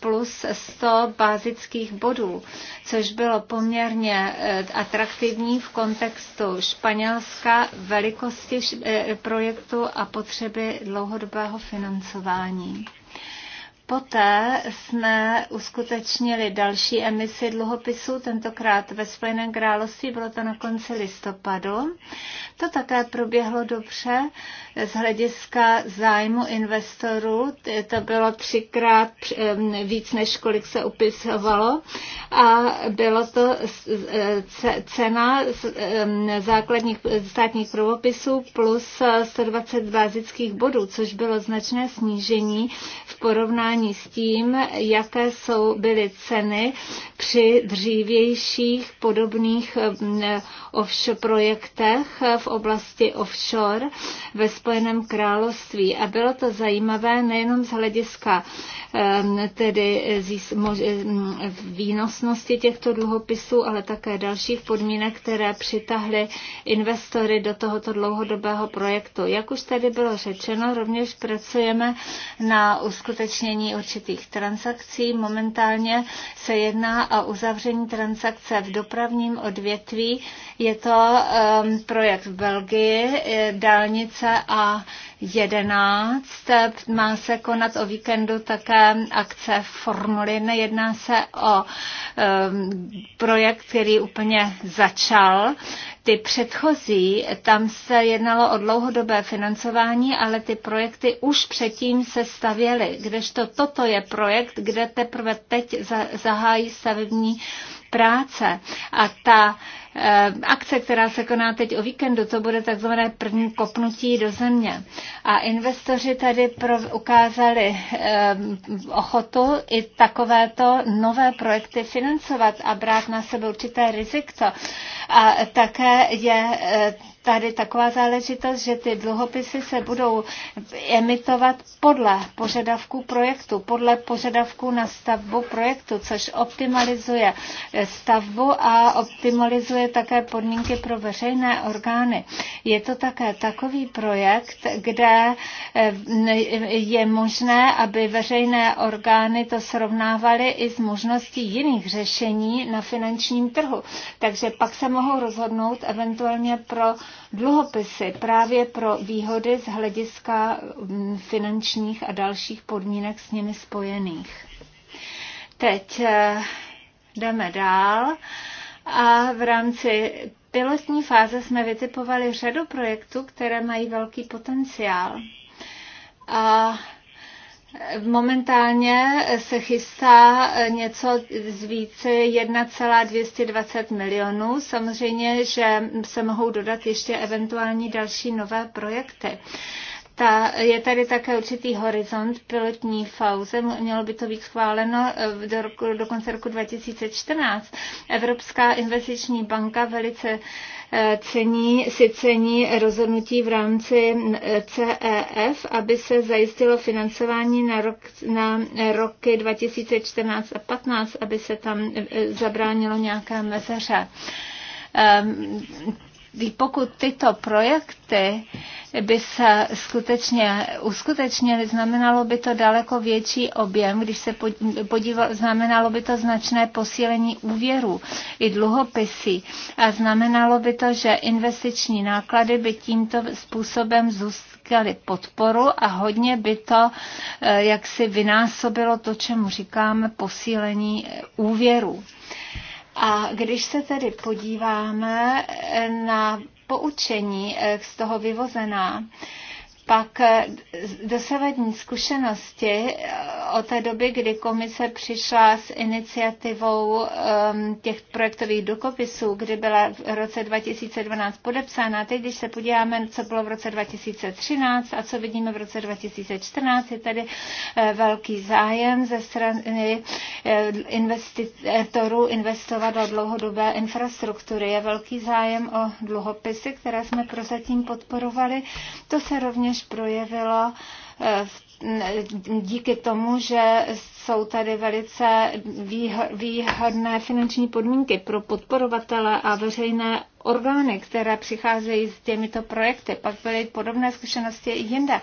plus 100 bázických bodů, což bylo poměrně eh, atraktivní v kontextu Španělska, velikosti eh, projektu a potřeby dlouhodobého financování. Poté jsme uskutečnili další emisi dluhopisů, tentokrát ve Spojeném království, bylo to na konci listopadu. To také proběhlo dobře z hlediska zájmu investorů. To bylo třikrát víc, než kolik se upisovalo. A bylo to e, cena základních státních průvopisů plus 120 bázických bodů, což bylo značné snížení v porovnání srovnání s tím, jaké jsou byly ceny při dřívějších podobných eh, offshore projektech v oblasti offshore ve Spojeném království. A bylo to zajímavé nejenom z hlediska ehm, tedy ehm, výnosnosti těchto dluhopisů, ale také dalších podmínek, které přitahly investory do tohoto dlouhodobého projektu. Jak už tady bylo řečeno, rovněž pracujeme na uskutečnění uzavření určitých transakcí. Momentálně se jedná o uzavření transakce v dopravním odvětví. Je to ehm, projekt v Belgii, dálnice a 11. Má se konat o víkendu také akce Formuliny. Jedná se o um, projekt, který úplně začal. Ty předchozí, tam se jednalo o dlouhodobé financování, ale ty projekty už předtím se stavěly, kdežto toto je projekt, kde teprve teď zahájí stavební práce. A ta Eh, akce, která se koná teď o víkendu, to bude takzvané první kopnutí do země. A investoři tady pro, ukázali eh, ochotu i takovéto nové projekty financovat a brát na sebe určité riziko. A také je eh, tady taková záležitost, že ty dluhopisy se budou emitovat podle požadavku projektu, podle požadavku na stavbu projektu, což optimalizuje stavbu a optimalizuje také podmínky pro veřejné orgány. Je to také takový projekt, kde eh, je možné, aby veřejné orgány to srovnávaly i s možností jiných řešení na finančním trhu. Takže pak se mohou rozhodnout eventuálně pro dluhopisy právě pro výhody z hlediska mm, finančních a dalších podmínek s nimi spojených. Teď eh, jdeme dál a v rámci pilotní fáze jsme vytipovali řadu projektů, které mají velký potenciál. A Momentálně se chystá něco z více 1,220 milionů. Samozřejmě, že se mohou dodat ještě eventuální další nové projekty. Ta, je tady také určitý horizont pilotní fauze, mělo by to být schváleno eh, do, roku, do konce roku 2014. Evropská investiční banka velice cení, si cení rozhodnutí v rámci CEF, aby se zajistilo financování na, rok, na roky 2014 a 15, aby se tam e, e, zabránilo nějaká mezeře ehm, pokud tyto projekty by se skutečně uskutečnily, znamenalo by to daleko větší objem, když se podíval, znamenalo by to značné posílení úvěru i dluhopisy a znamenalo by to, že investiční náklady by tímto způsobem zůstaly podporu a hodně by to eh, jaksi vynásobilo to, čemu říkáme posílení eh, úvěru. A když se tedy podíváme eh, na poučení eh, z toho vyvozená, pak eh, dosavadní zkušenosti eh, o té doby, kdy komise přišla s iniciativou ehm, těch projektových dokopisů, kdy byla v roce 2012 podepsána, teď když se podíváme, co bylo v roce 2013 a co vidíme v roce 2014, je tady eh, velký zájem ze strany investitorů investovat do dlouhodobé infrastruktury. Je velký zájem o dluhopisy, které jsme prozatím podporovali. To se rovněž rovněž projevilo eh, díky tomu, že jsou tady velice výhodné finanční podmínky pro podporovatele a veřejné orgány, které přicházejí s těmito projekty. Pak byly podobné zkušenosti i jinde.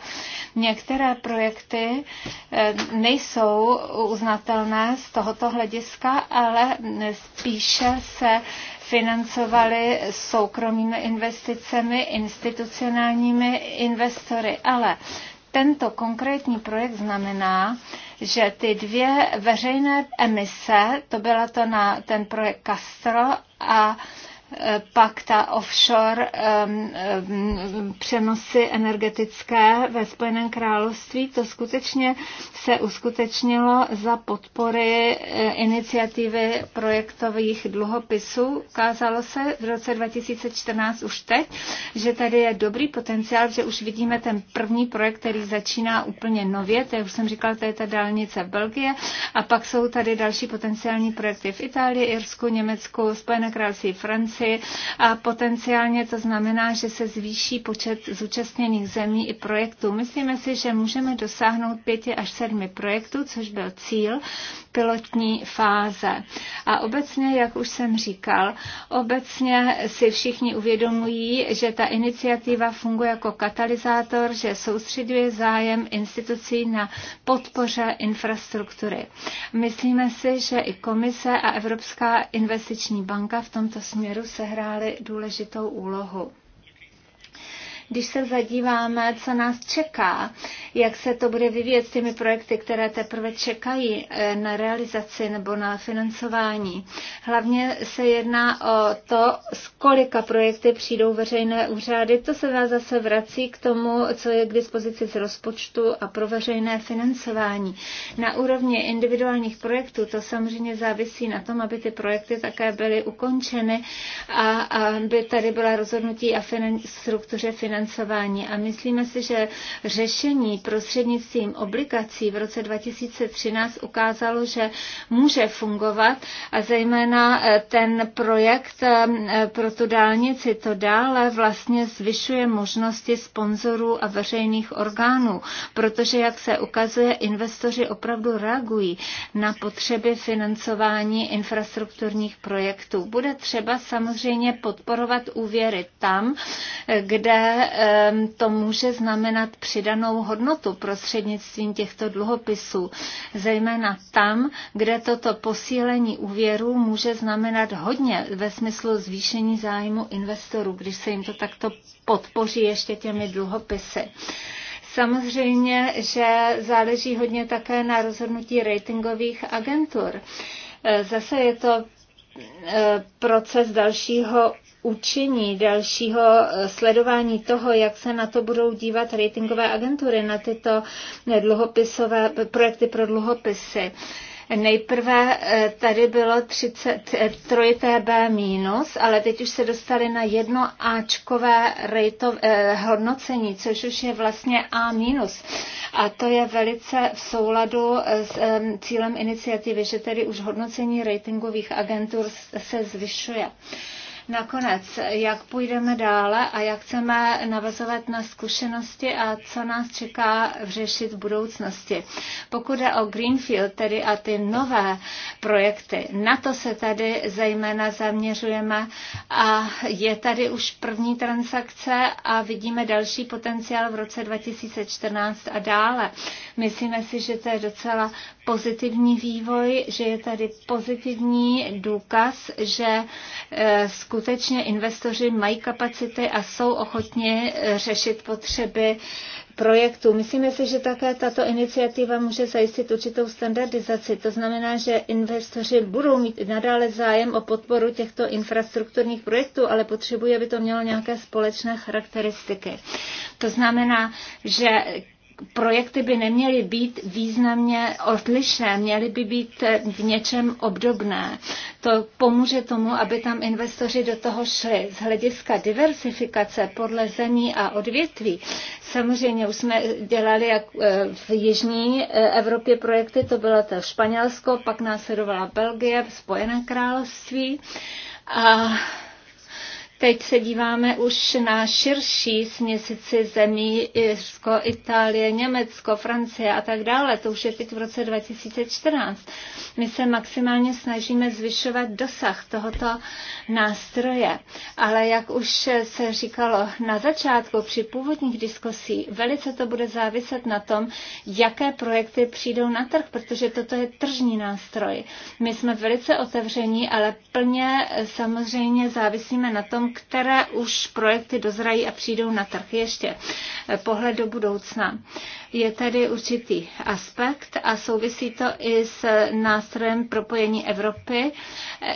Některé projekty eh, nejsou uznatelné z tohoto hlediska, ale spíše se financovaly soukromými investicemi, institucionálními investory. Ale tento konkrétní projekt znamená, že ty dvě veřejné emise, to byla to na ten projekt Castro a uh, pak ta offshore přenosy energetické ve Spojeném království. To skutečně se uskutečnilo za podpory eh, iniciativy projektových dluhopisů. Ukázalo se v roce 2014 už teď, že tady je dobrý potenciál, že už vidíme ten první projekt, který začíná úplně nově. To, je, už jsem říkala, to je ta dálnice v Belgie. A pak jsou tady další potenciální projekty v Itálii, Irsku, Německu, Spojené království, Francii Francii a potenciálně to znamená, že se zvýší počet zúčastněných zemí i projektů. Myslíme si, že můžeme dosáhnout pěti až sedmi projektů, což byl cíl, pilotní fáze. A obecně, jak už jsem říkal, obecně si všichni uvědomují, že ta iniciativa funguje jako katalyzátor, že soustředuje zájem institucí na podpoře infrastruktury. Myslíme si, že i komise a Evropská investiční banka v tomto směru sehrály důležitou úlohu když se zadíváme, co nás čeká, jak se to bude vyvíjet s těmi projekty, které teprve čekají eh, na realizaci nebo na financování. Hlavně se jedná o to, z kolika projekty přijdou veřejné úřady. To se vás zase vrací k tomu, co je k dispozici z rozpočtu a pro veřejné financování. Na úrovni individuálních projektů to samozřejmě závisí na tom, aby ty projekty také byly ukončeny a aby tady byla rozhodnutí a finan- struktuře financování financování a myslíme si, že řešení prostřednictvím obligací v roce 2013 ukázalo, že může fungovat a zejména eh, ten projekt eh, pro tu dálnici to dále vlastně zvyšuje možnosti sponzorů a veřejných orgánů, protože, jak se ukazuje, investoři opravdu reagují na potřeby financování infrastrukturních projektů. Bude třeba samozřejmě podporovat úvěry tam, eh, kde to může znamenat přidanou hodnotu prostřednictvím těchto dluhopisů, zejména tam, kde toto posílení úvěru může znamenat hodně ve smyslu zvýšení zájmu investorů, když se jim to takto podpoří ještě těmi dluhopisy. Samozřejmě, že záleží hodně také na rozhodnutí ratingových agentur. E, zase je to e, proces dalšího učení, dalšího eh, sledování toho, jak se na to budou dívat ratingové agentury, na tyto eh, dluhopisové projekty pro dluhopisy. Nejprve eh, tady bylo 33 B minus, ale teď už se dostali na jedno Ačkové rejto, eh, hodnocení, což už je vlastně A minus. A to je velice v souladu s eh, cílem iniciativy, že tedy už hodnocení ratingových agentur se zvyšuje. Eh, nakonec, jak půjdeme dále a jak chceme navazovat na zkušenosti a co nás čeká řešit v budoucnosti. Pokud je o Greenfield, tedy a ty nové projekty, na to se tady zejména zaměřujeme a je tady už první transakce a vidíme další potenciál v roce 2014 a dále. Myslíme si, že to je docela pozitivní vývoj, že je tady pozitivní důkaz, že e, skutečně investoři mají kapacity a jsou ochotně e, řešit potřeby projektu. Myslíme si, že také tato iniciativa může zajistit určitou standardizaci. To znamená, že investoři budou mít nadále zájem o podporu těchto infrastrukturních projektů, ale potřebuje, aby to mělo nějaké společné charakteristiky. To znamená, že projekty by neměly být významně odlišné, měly by být v něčem obdobné. To pomůže tomu, aby tam investoři do toho šli. Z hlediska diversifikace podle zemí a odvětví, samozřejmě už jsme dělali jak eh, v jižní eh, Evropě projekty, to bylo to Španělsko, pak následovala Belgie, Spojené království. A Teď se díváme už na širší směsici zemí, Irsko, Itálie, Německo, Francie a tak dále. To už je teď v roce 2014. My se maximálně snažíme zvyšovat dosah tohoto nástroje. Ale jak už se říkalo na začátku při původních diskusí, velice to bude záviset na tom, jaké projekty přijdou na trh, protože toto je tržní nástroj. My jsme velice otevření, ale plně samozřejmě závisíme na tom, které už projekty dozrají a přijdou na trh. Ještě pohled do budoucna. Je tady určitý aspekt a souvisí to i s nástrojem propojení Evropy.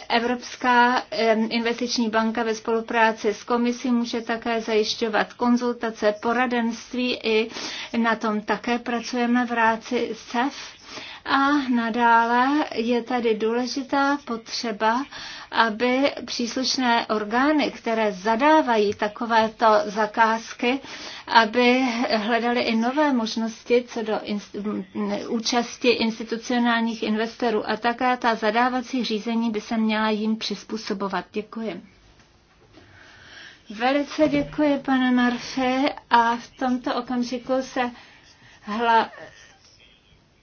Evropská investiční banka ve spolupráci s komisí může také zajišťovat konzultace, poradenství i na tom také pracujeme v rámci CEF a nadále je tady důležitá potřeba, aby příslušné orgány, které zadávají takovéto zakázky, aby hledali i nové možnosti co do inst- účasti institucionálních investorů a také ta zadávací řízení by se měla jim přizpůsobovat. Děkuji. Velice děkuji, pane Marfe, a v tomto okamžiku se hla,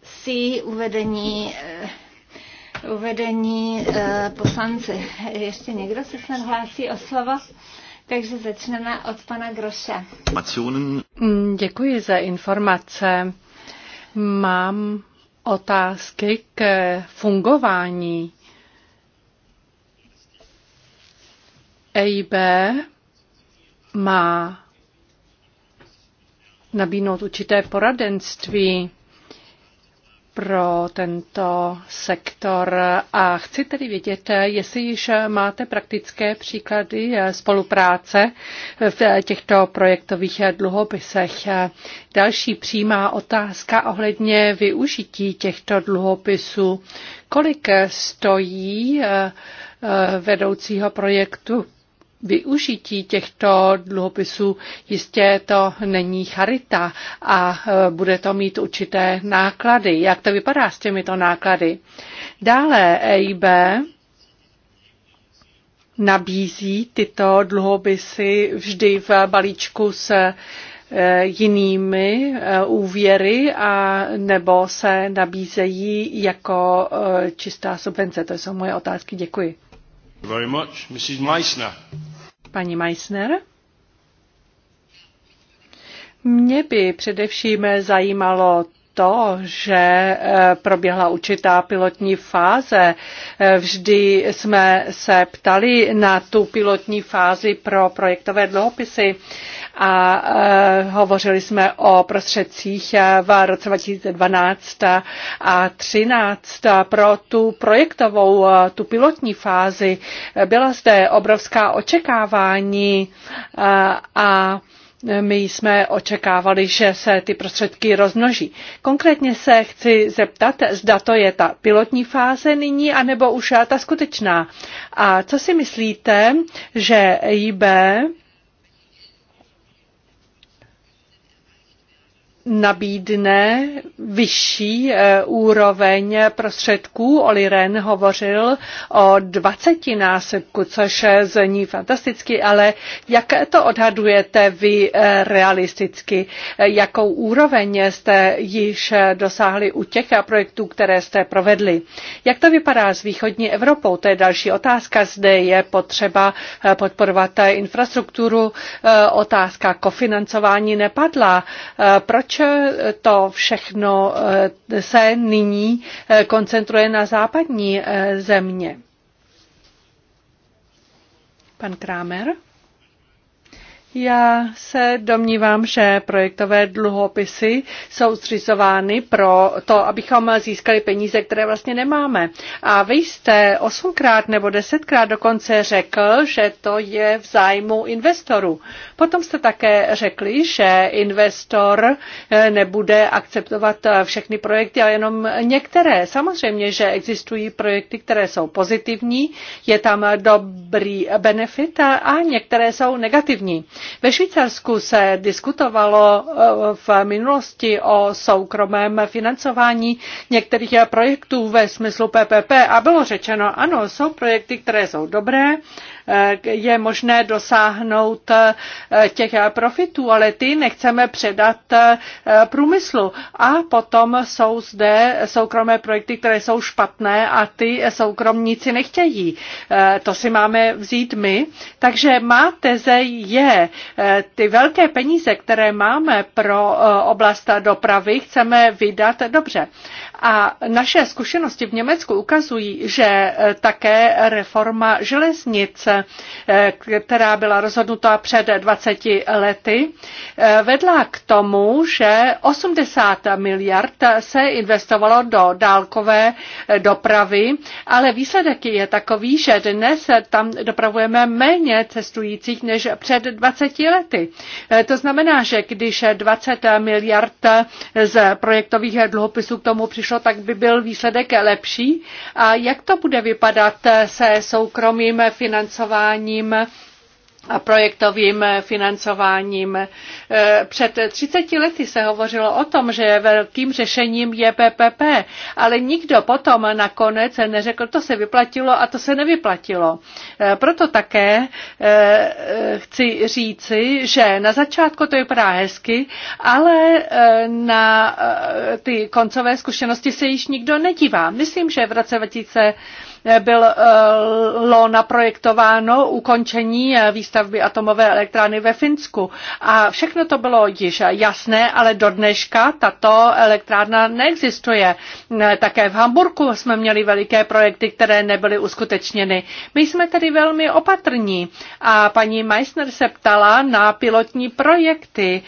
C uvedení eh, uvedení eh, poslanci. Ještě někdo se snad hlásí o slovo? Takže začneme od pana Groše. Mm, děkuji za informace. Mám otázky k fungování EIB má nabídnout určité poradenství pro tento sektor a chci tedy vědět, jestli již máte praktické příklady spolupráce v těchto projektových dluhopisech. Další přímá otázka ohledně využití těchto dluhopisů. Kolik stojí vedoucího projektu využití těchto dluhopisů jistě to není charita a e, bude to mít určité náklady. Jak to vypadá s těmito náklady? Dále EIB nabízí tyto dluhopisy vždy v balíčku se jinými e, úvěry a nebo se nabízejí jako e, čistá subvence? To jsou moje otázky. Děkuji. Very much. Mrs. Meissner. Paní Meissner. Mě by především zajímalo to, že eh, proběhla určitá pilotní fáze. Eh, vždy jsme se ptali na tu pilotní fázi pro projektové dluhopisy a eh, hovořili jsme o prostředcích v roce 2012 a 2013 pro tu projektovou, tu pilotní fázi. Byla zde obrovská očekávání a my jsme očekávali, že se ty prostředky rozmnoží. Konkrétně se chci zeptat, zda to je ta pilotní fáze nyní, anebo už ta skutečná. A co si myslíte, že IB nabídne vyšší eh, úroveň prostředků. Oli Ren hovořil o 20 násobku, což zní fantasticky, ale jak to odhadujete vy eh, realisticky? Eh, jakou úroveň jste již dosáhli u těch projektů, které jste provedli? Jak to vypadá s východní Evropou? To je další otázka. Zde je potřeba podporovat infrastrukturu. Otázka kofinancování nepadla. Proč proč to všechno eh, se nyní eh, koncentruje na západní eh, země? Pan Kramer? Já se domnívám, že projektové dluhopisy jsou zřizovány pro to, abychom získali peníze, které vlastně nemáme. A vy jste osmkrát nebo desetkrát dokonce řekl, že to je v zájmu investorů. Potom jste také řekli, že investor eh, nebude akceptovat eh, všechny projekty, ale jenom některé. Samozřejmě, že existují projekty, které jsou pozitivní, je tam dobrý benefit a některé jsou negativní. Ve Švýcarsku se diskutovalo eh, v minulosti o soukromém financování některých projektů ve smyslu PPP a bylo řečeno, ano, jsou projekty, které jsou dobré, je možné dosáhnout eh, těch profitů, ale ty nechceme předat eh, průmyslu. A potom jsou zde soukromé projekty, které jsou špatné a ty soukromníci nechtějí. Eh, to si máme vzít my. Takže má teze je, ty velké peníze, které máme pro oblast dopravy, chceme vydat dobře. A naše zkušenosti v Německu ukazují, že také reforma železnice Eh, která byla rozhodnuta před 20 lety, eh, vedla k tomu, že 80 miliard se investovalo do dálkové eh, dopravy, ale výsledek je takový, že dnes tam dopravujeme méně cestujících než před 20 lety. To znamená, že když 20 miliard z projektových dluhopisů k tomu přišlo, tak by byl výsledek lepší. A jak to bude vypadat se soukromým financováním? financováním a projektovým financováním. E, před 30 lety se hovořilo o tom, že velkým řešením je PPP, ale nikdo potom nakonec neřekl, to se vyplatilo a to se nevyplatilo. E, proto také e, chci říci, že na začátku to vypadá hezky, ale na ty koncové zkušenosti se již nikdo nedívá. Myslím, že v roce 2000 bylo eh, naprojektováno ukončení eh, výstavby atomové elektrárny ve Finsku. A všechno to bylo již jasné, ale do dneška tato elektrárna neexistuje. Eh, také v Hamburku jsme měli veliké projekty, které nebyly uskutečněny. My jsme tedy velmi opatrní a paní Meissner se ptala na pilotní projekty.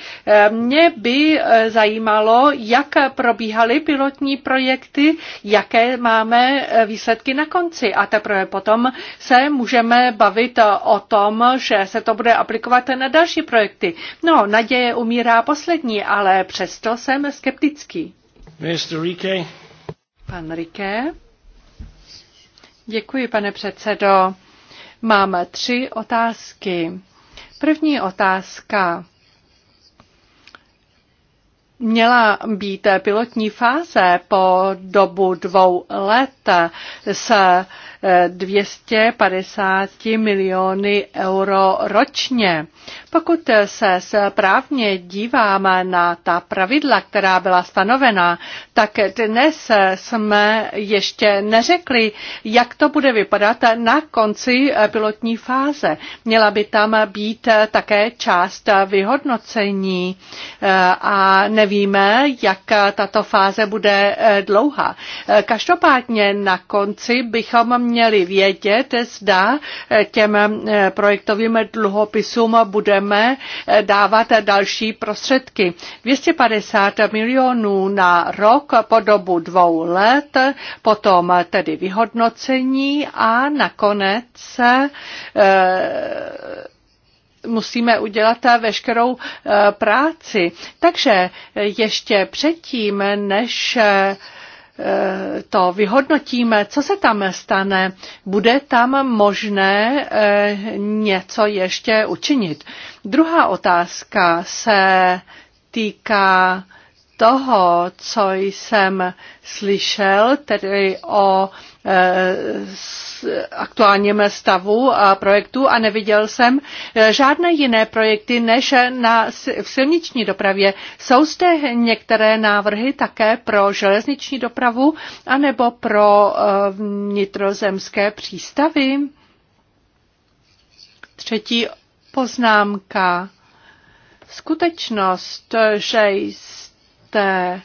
Mě by zajímalo, jak probíhaly pilotní projekty, jaké máme výsledky na konci konci a teprve potom se můžeme bavit o tom, že se to bude aplikovat na další projekty. No, naděje umírá poslední, ale přesto jsem skeptický. Mr. Rike. Pan Rike. Děkuji, pane předsedo. Mám tři otázky. První otázka měla být pilotní fáze po dobu dvou let se. 250 miliony euro ročně. Pokud se správně dívám na ta pravidla, která byla stanovena, tak dnes jsme ještě neřekli, jak to bude vypadat na konci pilotní fáze. Měla by tam být také část vyhodnocení eh, a nevíme, jak tato fáze bude eh, dlouhá. Každopádně na konci bychom měli vědět, zda eh, těm eh, projektovým dluhopisům budeme eh, dávat další prostředky. 250 milionů na rok po dobu dvou let, potom tedy vyhodnocení a nakonec musíme udělat veškerou práci. Takže ještě předtím, než Eh, to vyhodnotíme, co se tam stane, bude tam možné eh, něco ještě učinit. Druhá otázka se týká toho, co jsem slyšel, tedy o e, aktuálním stavu a projektu a neviděl jsem e, žádné jiné projekty než na, v silniční dopravě. Jsou zde některé návrhy také pro železniční dopravu anebo pro e, vnitrozemské přístavy? Třetí poznámka. Skutečnost, že jsi jste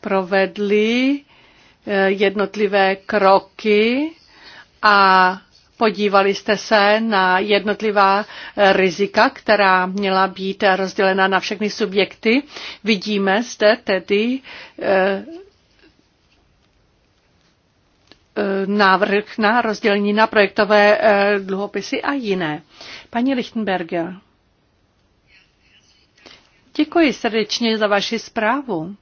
provedli eh, jednotlivé kroky a podívali jste se na jednotlivá rizika, která měla být rozdělena na všechny subjekty. Vidíme zde tedy eh, eh, návrh na rozdělení na projektové dluhopisy a jiné. Paní Lichtenberger. Děkuji srdečně za vaši zprávu.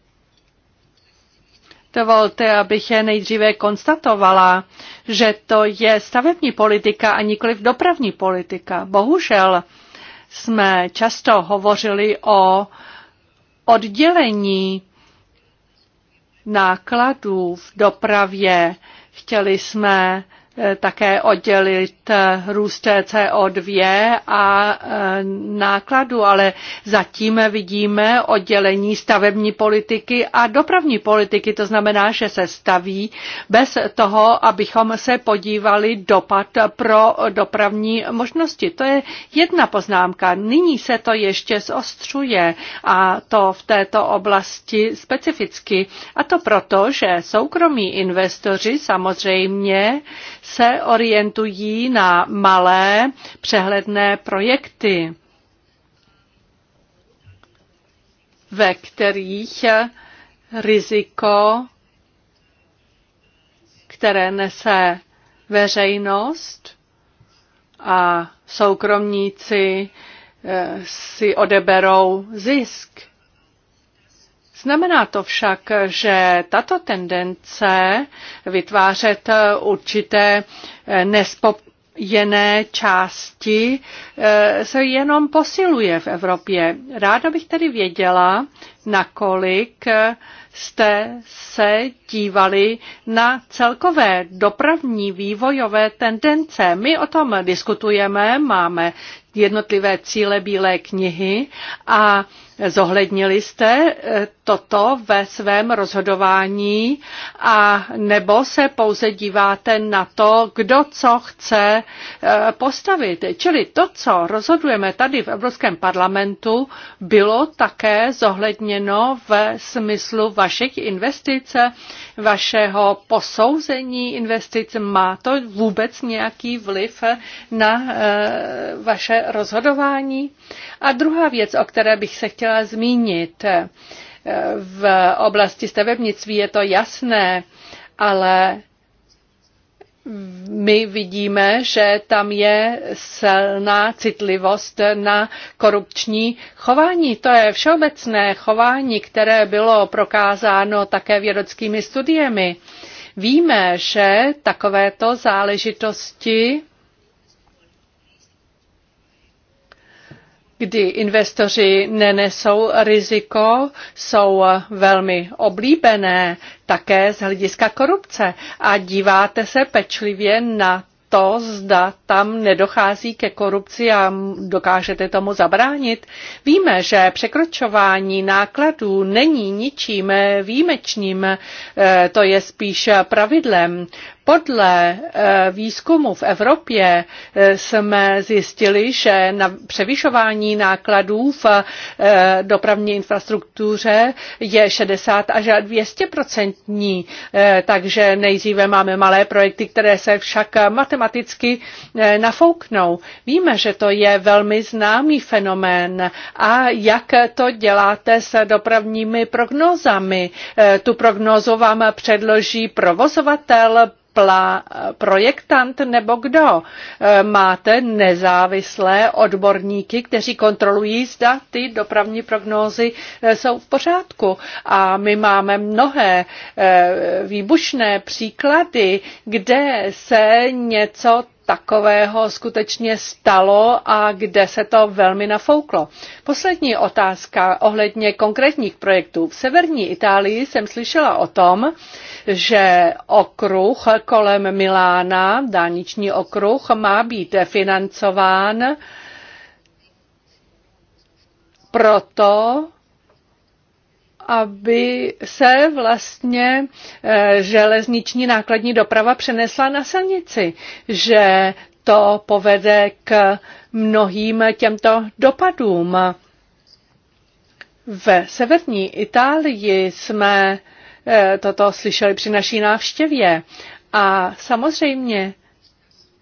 Dovolte, abych nejdříve konstatovala, že to je stavební politika a nikoliv dopravní politika. Bohužel jsme často hovořili o oddělení nákladů v dopravě. Chtěli jsme také oddělit růst CO2 a e, nákladu, ale zatím vidíme oddělení stavební politiky a dopravní politiky. To znamená, že se staví bez toho, abychom se podívali dopad pro dopravní možnosti. To je jedna poznámka. Nyní se to ještě zostřuje a to v této oblasti specificky. A to proto, že soukromí investoři samozřejmě se orientují na malé přehledné projekty, ve kterých riziko, které nese veřejnost a soukromníci eh, si odeberou zisk. Znamená to však, že tato tendence vytvářet eh, určité eh, nespojené části eh, se jenom posiluje v Evropě. Ráda bych tedy věděla, nakolik jste se dívali na celkové dopravní vývojové tendence. My o tom diskutujeme, máme jednotlivé cíle Bílé knihy a Zohlednili jste eh, toto ve svém rozhodování a nebo se pouze díváte na to, kdo co chce eh, postavit. Čili to, co rozhodujeme tady v Evropském parlamentu, bylo také zohledněno ve smyslu vašich investic, vašeho posouzení investic. Má to vůbec nějaký vliv na eh, vaše rozhodování? A druhá věc, o které bych se chtěla zmínit, eh, v oblasti stavebnictví je to jasné, ale my vidíme, že tam je silná citlivost na korupční chování. To je všeobecné chování, které bylo prokázáno také vědeckými studiemi. Víme, že takovéto záležitosti kdy investoři nenesou riziko, jsou velmi oblíbené také z hlediska korupce a díváte se pečlivě na to, zda tam nedochází ke korupci a dokážete tomu zabránit. Víme, že překročování nákladů není ničím výjimečným, eh, to je spíš pravidlem. Podle eh, výzkumu v Evropě eh, jsme zjistili, že na převyšování nákladů v eh, dopravní infrastruktuře je 60 až 200 takže nejdříve máme malé projekty, které se však matematicky nafouknou. Víme, že to je velmi známý fenomén a jak to děláte s dopravními prognózami. Tu prognózu vám předloží provozovatel, pla, projektant nebo kdo? E, máte nezávislé odborníky, kteří kontrolují, zda ty dopravní prognózy e, jsou v pořádku. A my máme mnohé e, výbušné příklady, kde se něco takového skutečně stalo a kde se to velmi nafouklo. Poslední otázka ohledně konkrétních projektů. V severní Itálii jsem slyšela o tom, že okruh kolem Milána, dálniční okruh, má být financován proto, aby se vlastně eh, železniční nákladní doprava přenesla na silnici, že to povede k mnohým těmto dopadům. V severní Itálii jsme eh, toto slyšeli při naší návštěvě a samozřejmě,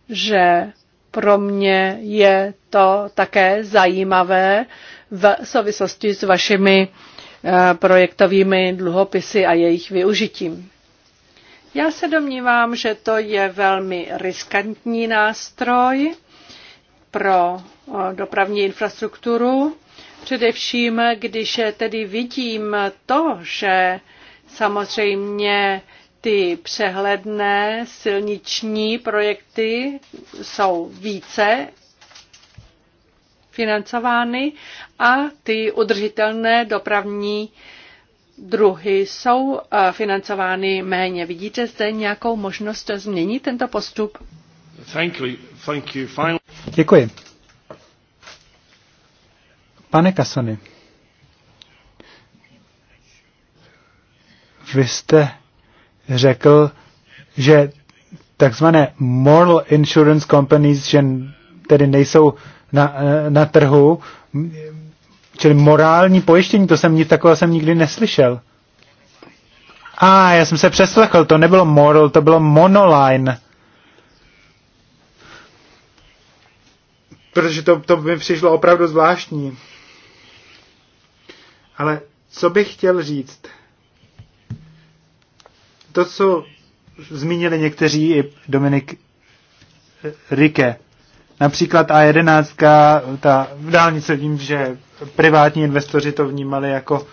že pro mě je to také zajímavé v souvislosti s vašimi Eh, projektovými dluhopisy a jejich využitím. Já se domnívám, že to je velmi riskantní nástroj pro eh, dopravní infrastrukturu, především když tedy vidím to, že samozřejmě ty přehledné silniční projekty jsou více financovány a ty udržitelné dopravní druhy jsou eh, financovány méně. Vidíte zde nějakou možnost změnit tento postup? Děkuji. Pane Kasony, vy jste řekl, že takzvané moral insurance companies, že tedy nejsou na, eh, na trhu, čili morální pojištění, to jsem nic takového jsem nikdy neslyšel. A ah, já jsem se přeslechl, to nebylo moral, to bylo monoline. Protože to, to mi přišlo opravdu zvláštní. Ale co bych chtěl říct? To, co zmínili někteří i Dominik Rike, Například A11, ta v dálnice vím, že privátní investoři to vnímali jako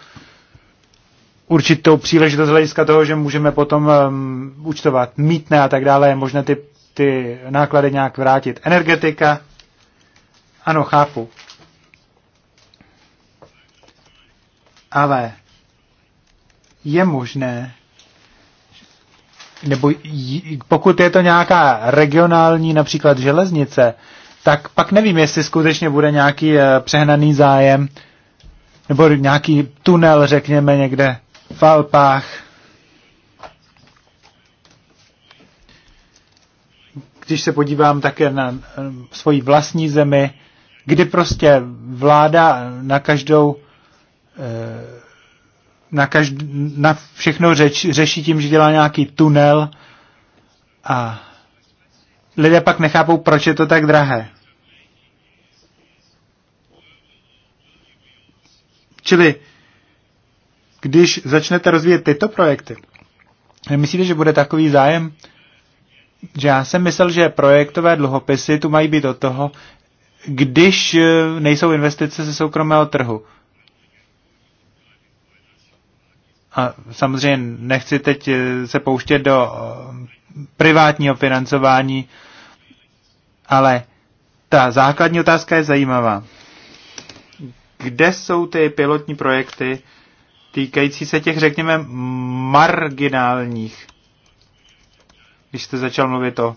určitou příležitost z hlediska toho, že můžeme potom um, účtovat mítné a tak dále, je možné ty, ty náklady nějak vrátit. Energetika, ano, chápu. Ale je možné, nebo pokud je to nějaká regionální, například železnice, tak pak nevím, jestli skutečně bude nějaký eh, přehnaný zájem nebo nějaký tunel, řekněme, někde v Alpách, když se podívám také na eh, svoji vlastní zemi, kdy prostě vláda na každou eh, na, každ, na všechno řeč, řeší tím, že dělá nějaký tunel a lidé pak nechápou, proč je to tak drahé. Čili když začnete rozvíjet tyto projekty, myslíte, že bude takový zájem? Že já jsem myslel, že projektové dluhopisy tu mají být od toho, když eh, nejsou investice ze soukromého trhu. A samozřejmě nechci teď eh, se pouštět do eh, privátního financování ale ta základní otázka je zajímavá. Kde jsou ty pilotní projekty týkající se těch, řekněme, marginálních, když jste začal mluvit o,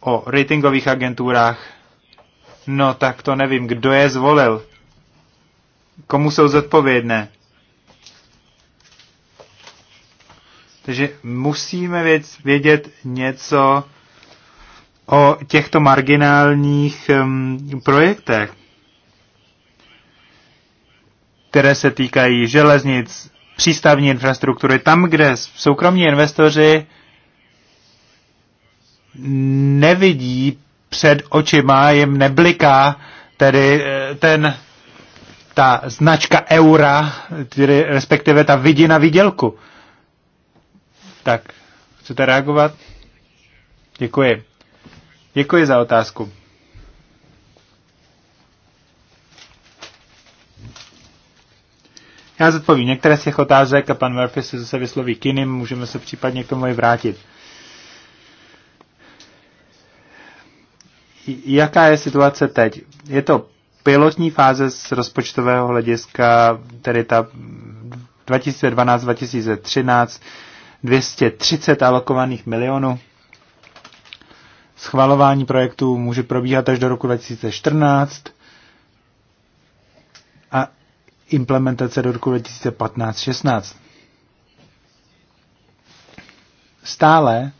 o ratingových agenturách, no tak to nevím, kdo je zvolil, komu jsou zodpovědné. Takže musíme věc, vědět něco o těchto marginálních projektech, které se týkají železnic, přístavní infrastruktury, tam, kde soukromí investoři nevidí před očima, jim nebliká tedy eh, ten, ta značka eura, tedy respektive ta vidina vidělku. Tak, chcete reagovat? Děkuji. Děkuji za otázku. Já zodpovím některé z těch otázek a pan Murphy se zase vysloví k jiným, můžeme se případně k tomu i vrátit. Jaká je situace teď? Je to pilotní fáze z rozpočtového hlediska, tedy ta 2012-2013, 230 alokovaných milionů. Schvalování projektů může probíhat až do roku 2014 a implementace do roku 2015-16. Stále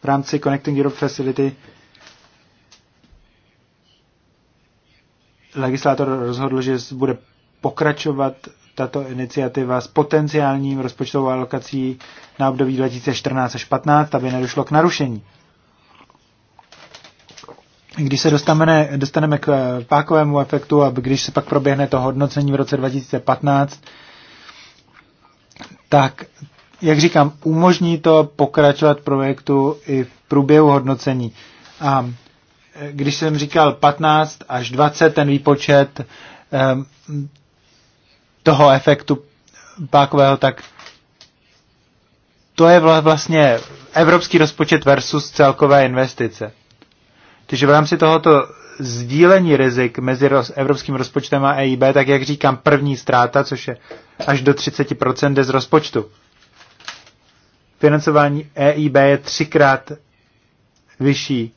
v rámci Connecting Europe Facility legislátor rozhodl, že bude pokračovat tato iniciativa s potenciálním rozpočtovou alokací na období 2014 až 2015, aby nedošlo k narušení. Když se dostaneme, dostaneme k eh, pákovému efektu a když se pak proběhne to hodnocení v roce 2015, tak, jak říkám, umožní to pokračovat projektu i v průběhu hodnocení. A eh, když jsem říkal 15 až 20, ten výpočet um, toho efektu pákového, tak to je vlastně evropský rozpočet versus celkové investice. Takže v rámci tohoto sdílení rizik mezi roz, evropským rozpočtem a EIB, tak jak říkám, první ztráta, což je až do 30% jde z rozpočtu. Financování EIB je třikrát vyšší,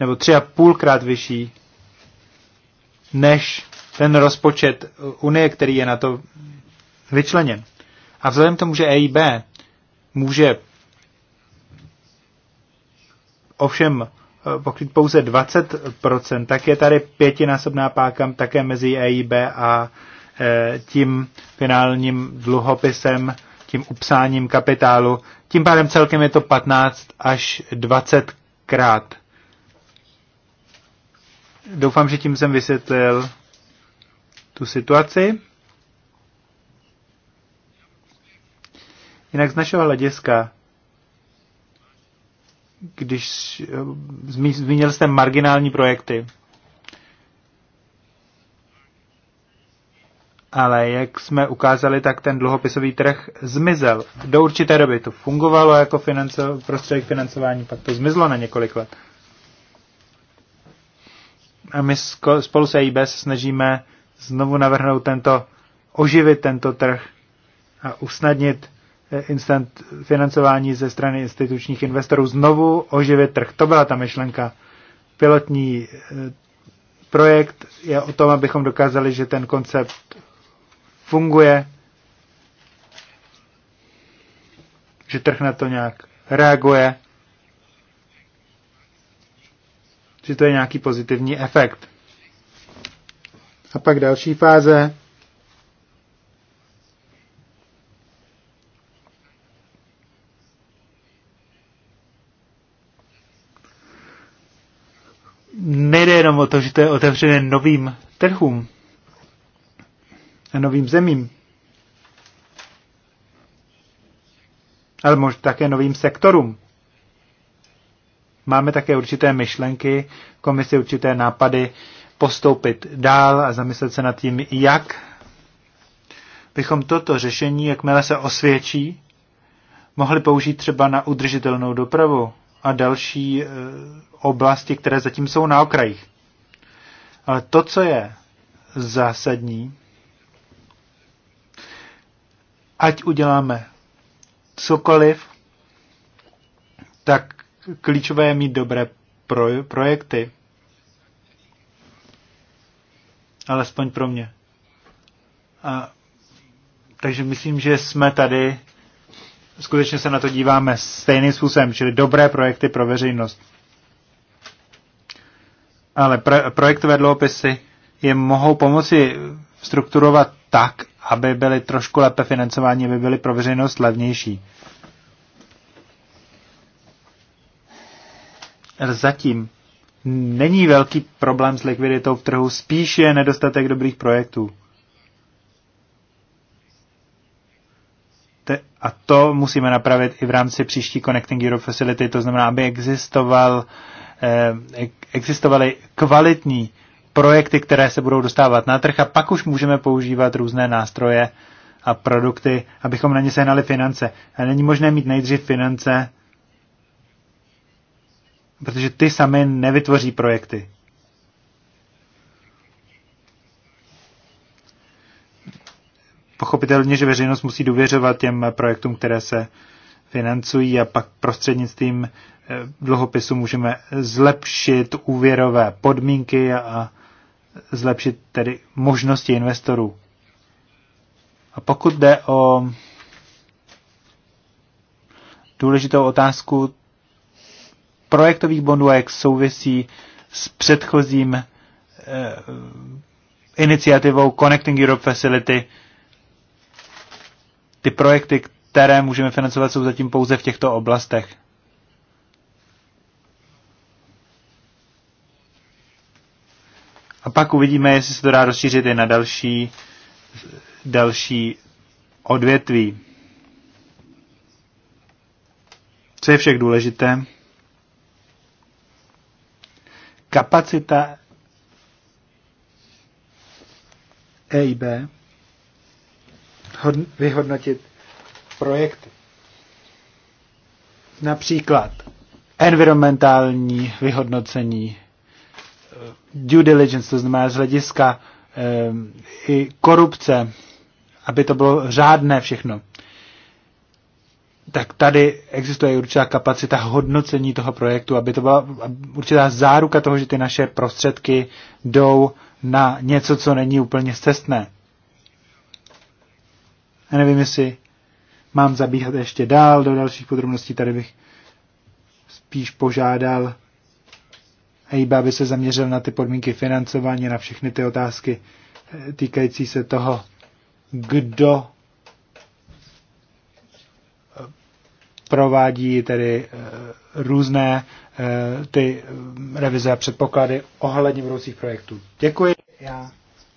nebo tři a půlkrát vyšší, než ten rozpočet Unie, který je na to vyčleněn. A vzhledem k tomu, že EIB může ovšem Eh, pokryt pouze 20%, tak je tady pětinásobná páka také mezi EIB a eh, tím finálním dluhopisem, tím upsáním kapitálu. Tím pádem celkem je to 15 až 20 krát. Doufám, že tím jsem vysvětlil tu situaci. Jinak z našeho hlediska když eh, zmínil jste marginální projekty, ale jak jsme ukázali, tak ten dluhopisový trh zmizel. Do určité doby to fungovalo jako financo, prostředek financování, pak to zmizlo na několik let. A my spolu se IBS snažíme znovu navrhnout tento, oživit tento trh a usnadnit instant financování ze strany institučních investorů, znovu oživit trh. To byla ta myšlenka. Pilotní eh, projekt je o tom, abychom dokázali, že ten koncept funguje, že trh na to nějak reaguje, že to je nějaký pozitivní efekt. A pak další fáze o to, že to je otevřené novým trhům a novým zemím. Ale možná také novým sektorům. Máme také určité myšlenky, komisi určité nápady postoupit dál a zamyslet se nad tím, jak bychom toto řešení, jakmile se osvědčí, mohli použít třeba na udržitelnou dopravu a další eh, oblasti, které zatím jsou na okrajích. Ale to, co je zásadní, ať uděláme cokoliv, tak klíčové je mít dobré pro, projekty. Alespoň pro mě. A, takže myslím, že jsme tady, skutečně se na to díváme stejným způsobem, čili dobré projekty pro veřejnost ale pro, projektové dluhopisy je mohou pomoci strukturovat tak, aby byly trošku lépe financování, aby byly pro veřejnost levnější. Zatím není velký problém s likviditou v trhu, spíš je nedostatek dobrých projektů. Te, a to musíme napravit i v rámci příští Connecting Europe Facility, to znamená, aby existoval uh, Eh, existovaly kvalitní projekty, které se budou dostávat na trh a pak už můžeme používat různé nástroje a produkty, abychom na ně sehnali finance. A není možné mít nejdřív finance, protože ty sami nevytvoří projekty. Pochopitelně, že veřejnost musí důvěřovat těm projektům, které se financují a pak prostřednictvím dluhopisu můžeme zlepšit úvěrové podmínky a zlepšit tedy možnosti investorů. A pokud jde o důležitou otázku projektových bondů a jak souvisí s předchozím eh, iniciativou Connecting Europe Facility, ty projekty, které můžeme financovat, jsou zatím pouze v těchto oblastech. A pak uvidíme, jestli se to dá rozšířit i na další, další odvětví. Co je však důležité? Kapacita EIB vyhodnotit projekty. Například environmentální vyhodnocení Eh, due diligence, to znamená z hlediska eh, i korupce, aby to bylo řádné všechno. Tak tady existuje určitá kapacita hodnocení toho projektu, aby to byla určitá záruka toho, že ty naše prostředky jdou na něco, co není úplně cestné. Já nevím, jestli mám zabíhat ještě dál do dalších podrobností. Tady bych spíš požádal EIB, aby se zaměřil na ty podmínky financování, na všechny ty otázky eh, týkající se toho, kdo eh, provádí tedy eh, různé ty revize a předpoklady ohledně budoucích projektů. Děkuji. Já.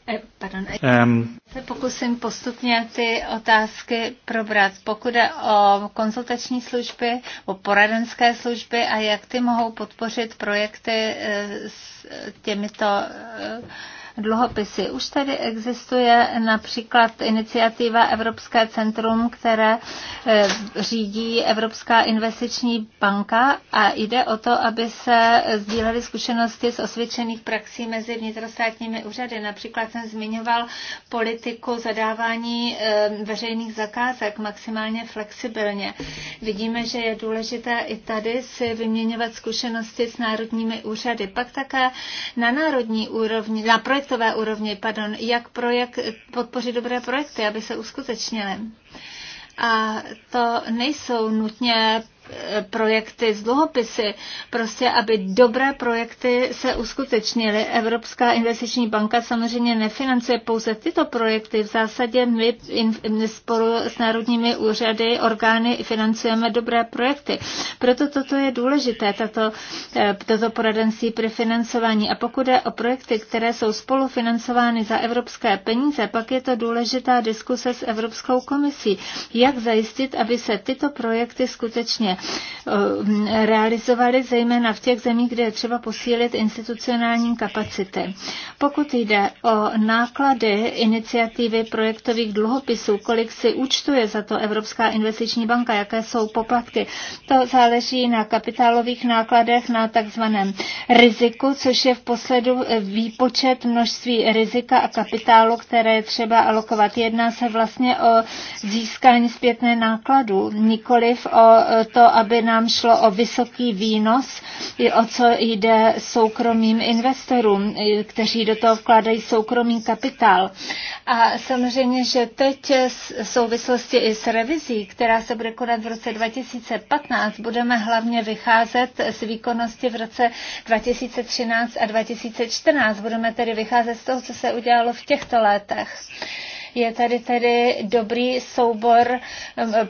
Eh, pardon, um, se pokusím postupně ty otázky probrat. Pokud je o konzultační služby, o poradenské služby a jak ty mohou podpořit projekty eh, s těmito eh, dluhopisy. Už tady existuje například iniciativa Evropské centrum, které eh, řídí Evropská investiční banka a jde o to, aby se sdílely zkušenosti z osvědčených praxí mezi vnitrostátními úřady. Například jsem zmiňoval politiku zadávání eh, veřejných zakázek maximálně flexibilně. Vidíme, že je důležité i tady si vyměňovat zkušenosti s národními úřady. Pak také na národní úrovni, na projekt projektové úrovni, pardon, jak projekt, podpořit dobré projekty, aby se uskutečnily. A to nejsou nutně projekty z dluhopisy, prostě aby dobré projekty se uskutečnily. Evropská investiční banka samozřejmě nefinancuje pouze tyto projekty. V zásadě my spolu s národními úřady, orgány financujeme dobré projekty. Proto toto je důležité, tato, eh, toto poradenství pri financování. A pokud je o projekty, které jsou spolufinancovány za evropské peníze, pak je to důležitá diskuse s Evropskou komisí, jak zajistit, aby se tyto projekty skutečně Eh, realizovali, zejména v těch zemích, kde je třeba posílit institucionální kapacity. Pokud jde o náklady iniciativy projektových dluhopisů, kolik si účtuje za to Evropská investiční banka, jaké jsou poplatky, to záleží na kapitálových nákladech, na takzvaném riziku, což je v posledu výpočet množství rizika a kapitálu, které je třeba alokovat. Jedná se vlastně o získání zpětné nákladu, nikoliv o to aby nám šlo o vysoký výnos, o co jde soukromým investorům, kteří do toho vkládají soukromý kapitál. A samozřejmě, že teď v souvislosti i s revizí, která se bude konat v roce 2015, budeme hlavně vycházet z výkonnosti v roce 2013 a 2014. Budeme tedy vycházet z toho, co se udělalo v těchto letech. Je tady tedy dobrý soubor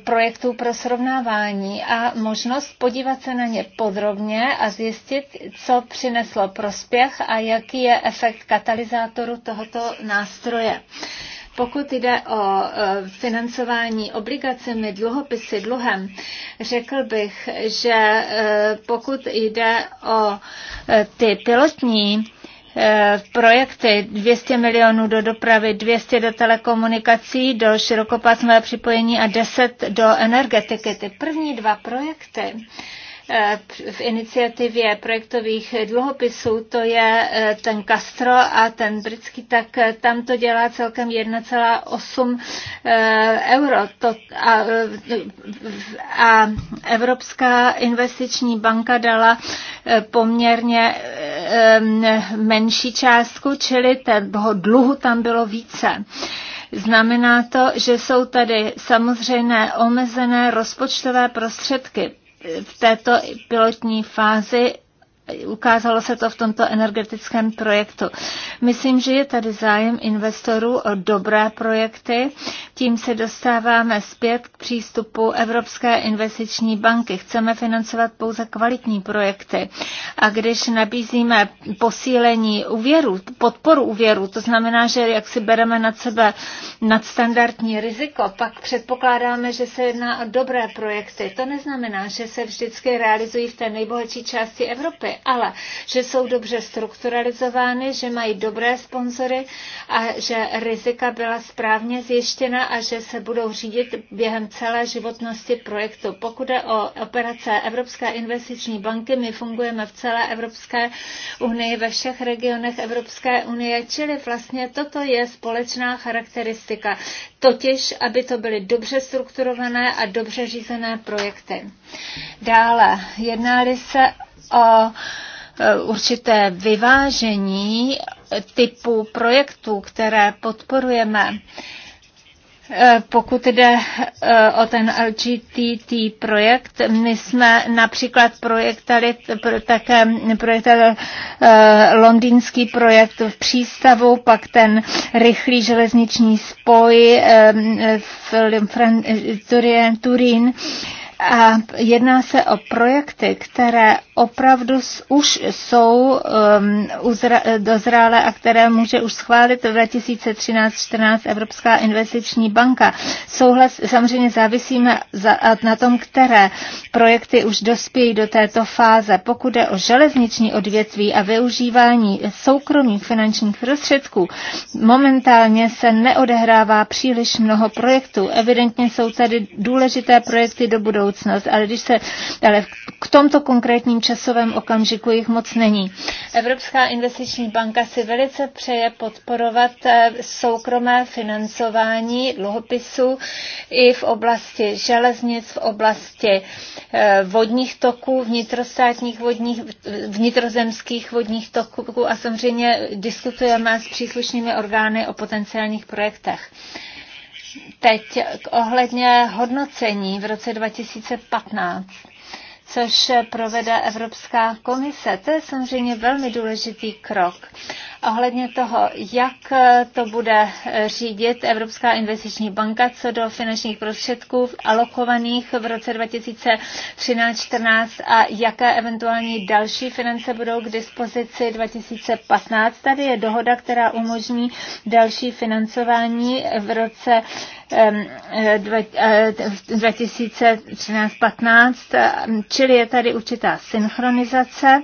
projektů pro srovnávání a možnost podívat se na ně podrobně a zjistit, co přineslo prospěch a jaký je efekt katalyzátoru tohoto nástroje. Pokud jde o e, financování obligacemi, dluhopisy, dluhem, řekl bych, že e, pokud jde o e, ty pilotní Eh, projekty 200 milionů do dopravy, 200 do telekomunikací, do širokopásmové připojení a 10 do energetiky. Ty první dva projekty Eh, v iniciativě projektových dluhopisů, to je eh, ten Castro a ten britský, tak eh, tam to dělá celkem 1,8 euro. To a, a Evropská investiční banka dala poměrně menší částku, čili toho dluhu tam bylo více. Znamená to, že jsou tady samozřejmě omezené rozpočtové prostředky v této pilotní fázi Ukázalo se to v tomto energetickém projektu. Myslím, že je tady zájem investorů o dobré projekty. Tím se dostáváme zpět k přístupu Evropské investiční banky. Chceme financovat pouze kvalitní projekty. A když nabízíme posílení úvěru, podporu úvěru, to znamená, že jak si bereme nad sebe nadstandardní riziko, pak předpokládáme, že se jedná o dobré projekty. To neznamená, že se vždycky realizují v té nejbohatší části Evropy ale že jsou dobře strukturalizovány, že mají dobré sponzory a že rizika byla správně zjištěna a že se budou řídit během celé životnosti projektu. Pokud je o operace Evropské investiční banky, my fungujeme v celé Evropské unii, ve všech regionech Evropské unie, čili vlastně toto je společná charakteristika, totiž, aby to byly dobře strukturované a dobře řízené projekty. Dále, jednali se o e, určité vyvážení typu projektů, které podporujeme. E, pokud jde e, o ten LGTT projekt, my jsme například projektali také projektali londýnský projekt v přístavu, pak ten rychlý železniční spoj v Turin. Turín a jedná se o projekty, které opravdu už jsou um, a které může už schválit v 2013-14 Evropská investiční banka. Souhlas samozřejmě závisíme za, na tom, které projekty už dospějí do této fáze. Pokud jde o železniční odvětví a využívání soukromých finančních prostředků, momentálně se neodehrává příliš mnoho projektů. Evidentně jsou tady důležité projekty do budoucna budoucnost, ale, když se, ale k tomto konkrétním časovém okamžiku jich moc není. Evropská investiční banka si velice přeje podporovat eh, soukromé financování dluhopisů i v oblasti železnic, v oblasti eh, vodních toků, vnitrostátních vodních, vnitrozemských vodních toků a samozřejmě diskutujeme s příslušnými orgány o potenciálních projektech. Teď ohledně hodnocení v roce 2015 což provede Evropská komise. To je samozřejmě velmi důležitý krok. Ohledně toho, jak to bude řídit Evropská investiční banka co do finančních prostředků alokovaných v roce 2013 2014 a jaké eventuální další finance budou k dispozici 2015. Tady je dohoda, která umožní další financování v roce 2013-15, eh, eh, eh, čili je tady určitá synchronizace,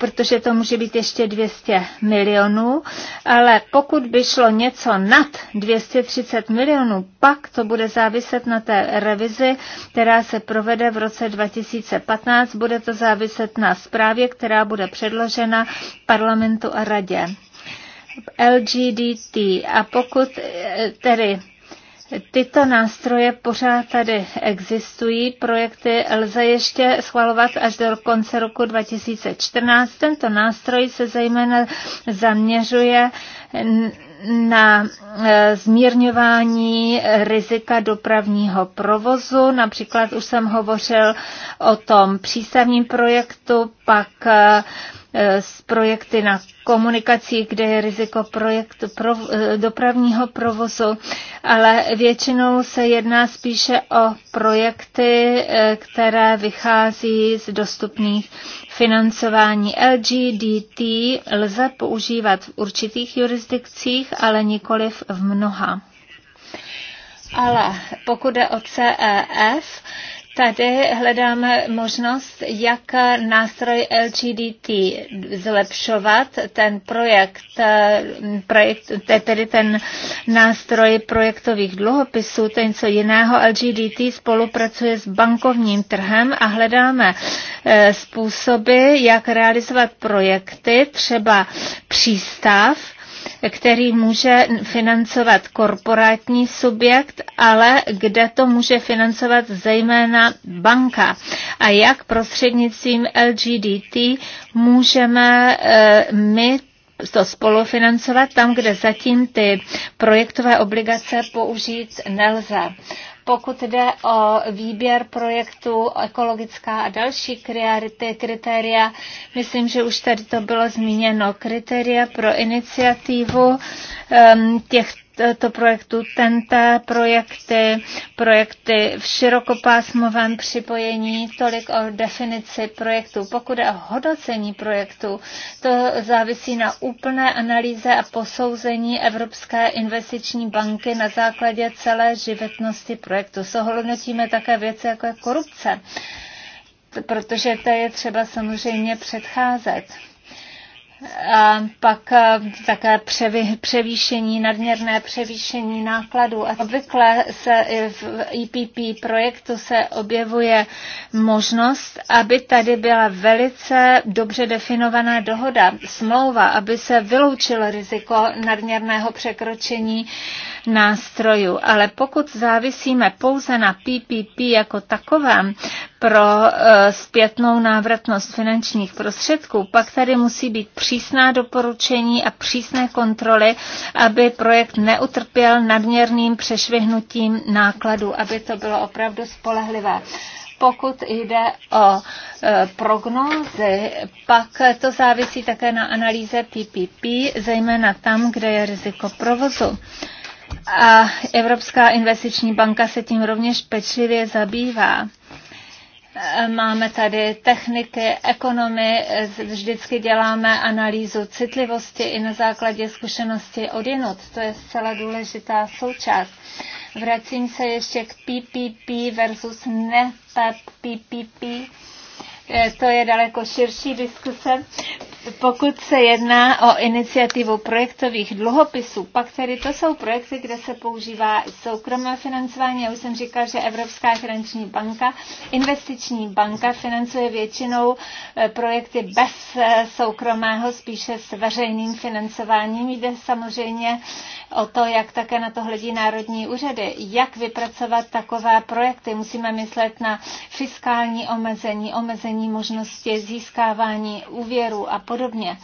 protože to může být ještě 200 milionů, ale pokud by šlo něco nad 230 milionů, pak to bude záviset na té revizi, která se provede v roce 2015. Bude to záviset na zprávě, která bude předložena parlamentu a radě. LGDT. A pokud tedy Tyto nástroje pořád tady existují, projekty lze ještě schvalovat až do konce roku 2014. Tento nástroj se zejména zaměřuje na e, zmírňování rizika dopravního provozu. Například už jsem hovořil o tom přístavním projektu, pak e, Eh, s projekty na komunikací, kde je riziko projektu pro, eh, dopravního provozu, ale většinou se jedná spíše o projekty, eh, které vychází z dostupných financování. LGDT lze používat v určitých jurisdikcích, ale nikoliv v mnoha. Ale pokud je o CEF, Tady hledáme možnost, jak nástroj LGDT zlepšovat, ten projekt, eh, projekt tedy ten nástroj projektových dluhopisů, to co něco jiného. LGDT spolupracuje s bankovním trhem a hledáme eh, způsoby, jak realizovat projekty, třeba přístav, který může financovat korporátní subjekt, ale kde to může financovat zejména banka. A jak prostřednictvím LGDT můžeme eh, my to spolufinancovat tam, kde zatím ty projektové obligace použít nelze. Pokud jde o výběr projektů ekologická a další kritéria, myslím, že už tady to bylo zmíněno, kritéria pro iniciativu ehm, těch to projektu TNT, projekty, projekty v širokopásmovém připojení, tolik o definici projektu. Pokud je o hodnocení projektu, to závisí na úplné analýze a posouzení Evropské investiční banky na základě celé životnosti projektu. Sohodnotíme také věci, jako je korupce, protože to je třeba samozřejmě předcházet a pak eh, také převy, převýšení, nadměrné převýšení nákladů. A obvykle se v EPP projektu se objevuje možnost, aby tady byla velice dobře definovaná dohoda, smlouva, aby se vyloučilo riziko nadměrného překročení nástrojů. Ale pokud závisíme pouze na PPP jako takovém, pro eh, zpětnou návratnost finančních prostředků, pak tady musí být přísná doporučení a přísné kontroly, aby projekt neutrpěl nadměrným přešvihnutím nákladů, aby to bylo opravdu spolehlivé pokud jde o eh, prognózy, pak to závisí také na analýze PPP, zejména tam, kde je riziko provozu. A Evropská investiční banka se tím rovněž pečlivě zabývá. Máme tady techniky, ekonomy, vždycky děláme analýzu citlivosti i na základě zkušenosti od jinut. To je zcela důležitá součást. Vracím se ještě k PPP versus ne PPP Eh, to je daleko širší diskuse. Pokud se jedná o iniciativu projektových dluhopisů, pak tedy to jsou projekty, kde se používá soukromé financování. Já už jsem říkal, že Evropská finanční banka, investiční banka financuje většinou eh, projekty bez eh, soukromého, spíše s veřejným financováním. Jde samozřejmě o to, jak také na to hledí národní úřady, jak vypracovat takové projekty. Musíme myslet na fiskální omezení, omezení možnosti získávání úvěru a podobně.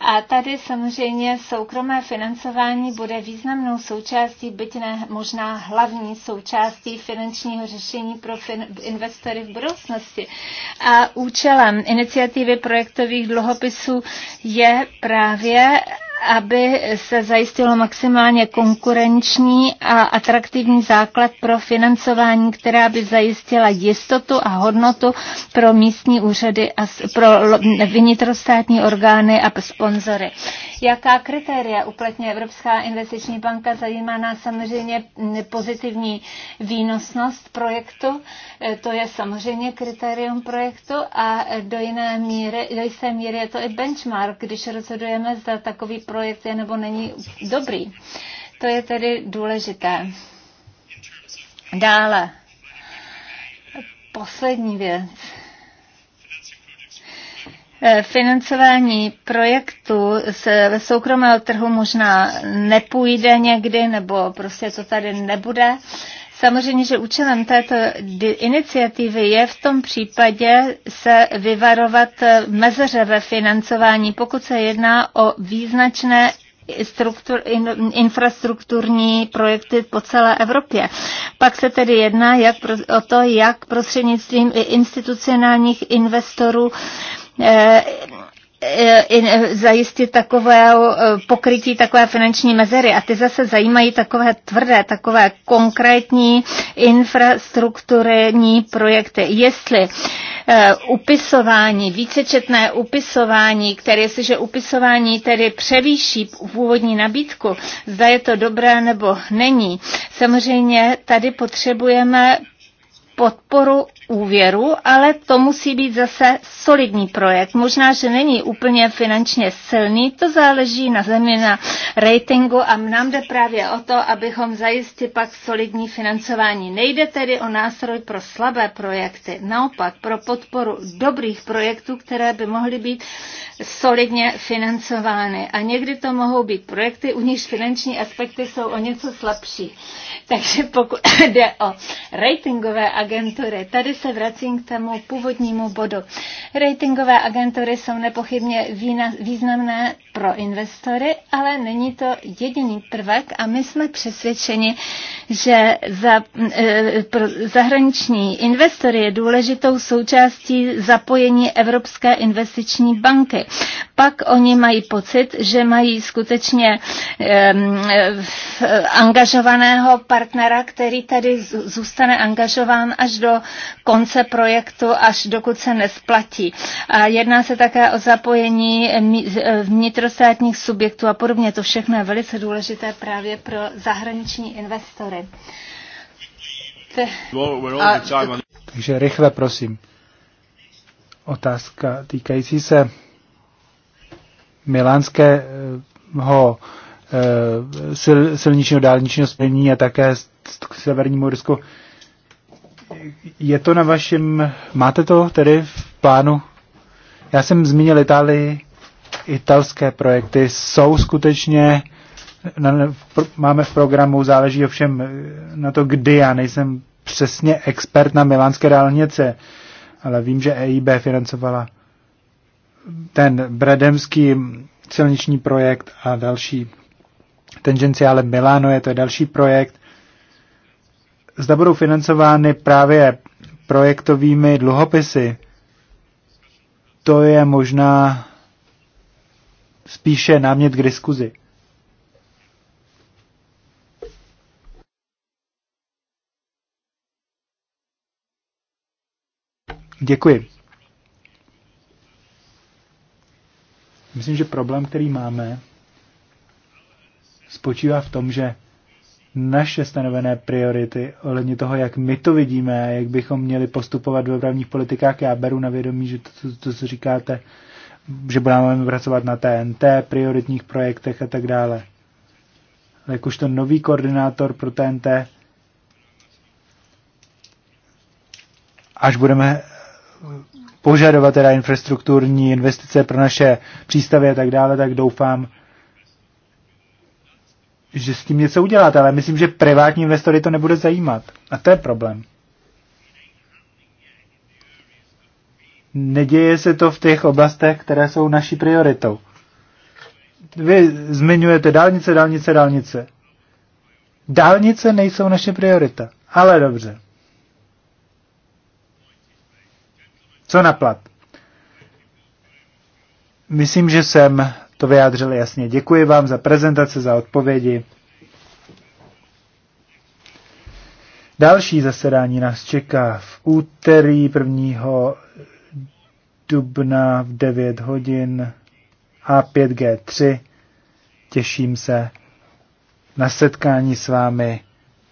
A tady samozřejmě soukromé financování bude významnou součástí, byť ne možná hlavní součástí finančního řešení pro fin- investory v budoucnosti. A účelem iniciativy projektových dluhopisů je právě aby se zajistilo maximálně konkurenční a atraktivní základ pro financování, která by zajistila jistotu a hodnotu pro místní úřady a pro vnitrostátní orgány a sponzory. Jaká kritéria uplatňuje Evropská investiční banka? Zajímá nás samozřejmě pozitivní výnosnost projektu. E, to je samozřejmě kritérium projektu a do, jiné míry, do jisté míry je to i benchmark, když rozhodujeme, zda takový projekt je nebo není dobrý. To je tedy důležité. Dále. Poslední věc Eh, financování projektu z soukromého trhu možná nepůjde někdy, nebo prostě to tady nebude. Samozřejmě, že účelem této iniciativy je v tom případě se vyvarovat eh, mezeře ve financování, pokud se jedná o význačné struktur, in, infrastrukturní projekty po celé Evropě. Pak se tedy jedná jak pro, o to, jak prostřednictvím institucionálních investorů Eh, eh, zajistit takové eh, pokrytí takové finanční mezery. A ty zase zajímají takové tvrdé, takové konkrétní infrastrukturní projekty. Jestli upisování, vícečetné upisování, které si, že upisování tedy převýší původní nabídku, zda je to dobré nebo není. Samozřejmě tady potřebujeme podporu úvěru, ale to musí být zase solidní projekt. Možná, že není úplně finančně silný, to záleží na zemi, na ratingu a nám jde právě o to, abychom zajistili pak solidní financování. Nejde tedy o nástroj pro slabé projekty, naopak pro podporu dobrých projektů, které by mohly být solidně financovány. A někdy to mohou být projekty, u nichž finanční aspekty jsou o něco slabší. Takže pokud jde o ratingové agentury, tady se vracím k tomu původnímu bodu. Ratingové agentury jsou nepochybně významné pro investory, ale není to jediný prvek a my jsme přesvědčeni, že za, e, pro zahraniční investory je důležitou součástí zapojení Evropské investiční banky. Pak oni mají pocit, že mají skutečně angažovaného partnera, který tady zůstane angažován až do konce projektu, až dokud se nesplatí. A jedná se také o zapojení e, vnitrostátních subjektů a podobně. To všechno je velice důležité právě pro zahraniční investory. A... Takže rychle, prosím. Otázka týkající se milánského e, sil, silničního dálničního spojení a také severnímu Rusku je to na vašem, máte to tedy v plánu? Já jsem zmínil Itálii, italské projekty jsou skutečně, na, pro, máme v programu, záleží ovšem eh, na to, kdy. Já nejsem přesně expert na milánské dálnice, ale vím, že EIB financovala ten bredemský silniční projekt a další tangenciále Milano je to další projekt zda budou financovány právě projektovými dluhopisy, to je možná spíše námět k diskuzi. Děkuji. Myslím, že problém, který máme, spočívá v tom, že naše stanovené priority ohledně toho, jak my to vidíme, jak bychom měli postupovat ve obravních politikách. Já beru na vědomí, že to, co říkáte, že budeme pracovat na TNT, prioritních projektech a tak dále. Ale to nový koordinátor pro TNT, až budeme požadovat teda infrastrukturní investice pro naše přístavy a tak dále, tak doufám, že s tím něco uděláte, ale myslím, že privátní investory to nebude zajímat. A to je problém. Neděje se to v těch oblastech, které jsou naší prioritou. Vy zmiňujete dálnice, dálnice, dálnice. Dálnice nejsou naše priorita. Ale dobře. Co na plat? Myslím, že jsem to vyjádřili jasně. Děkuji vám za prezentace, za odpovědi. Další zasedání nás čeká v úterý 1. dubna v 9 hodin A5G3. Těším se na setkání s vámi.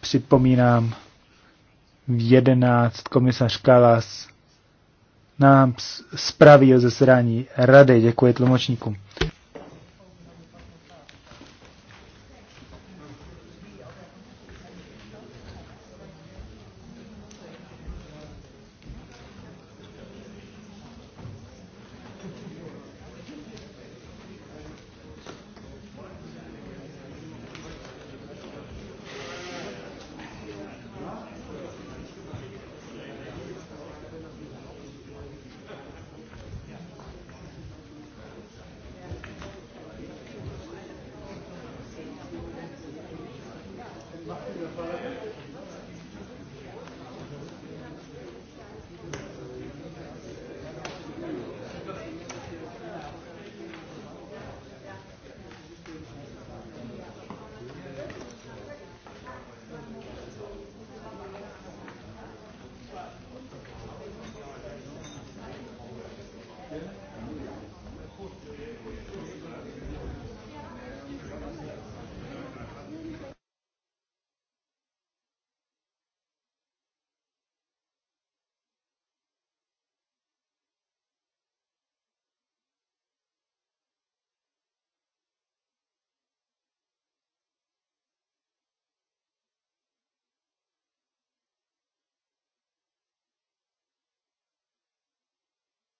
Připomínám, v 11 komisař Kalas nám zpraví o zasedání rady. Děkuji tlumočníkům.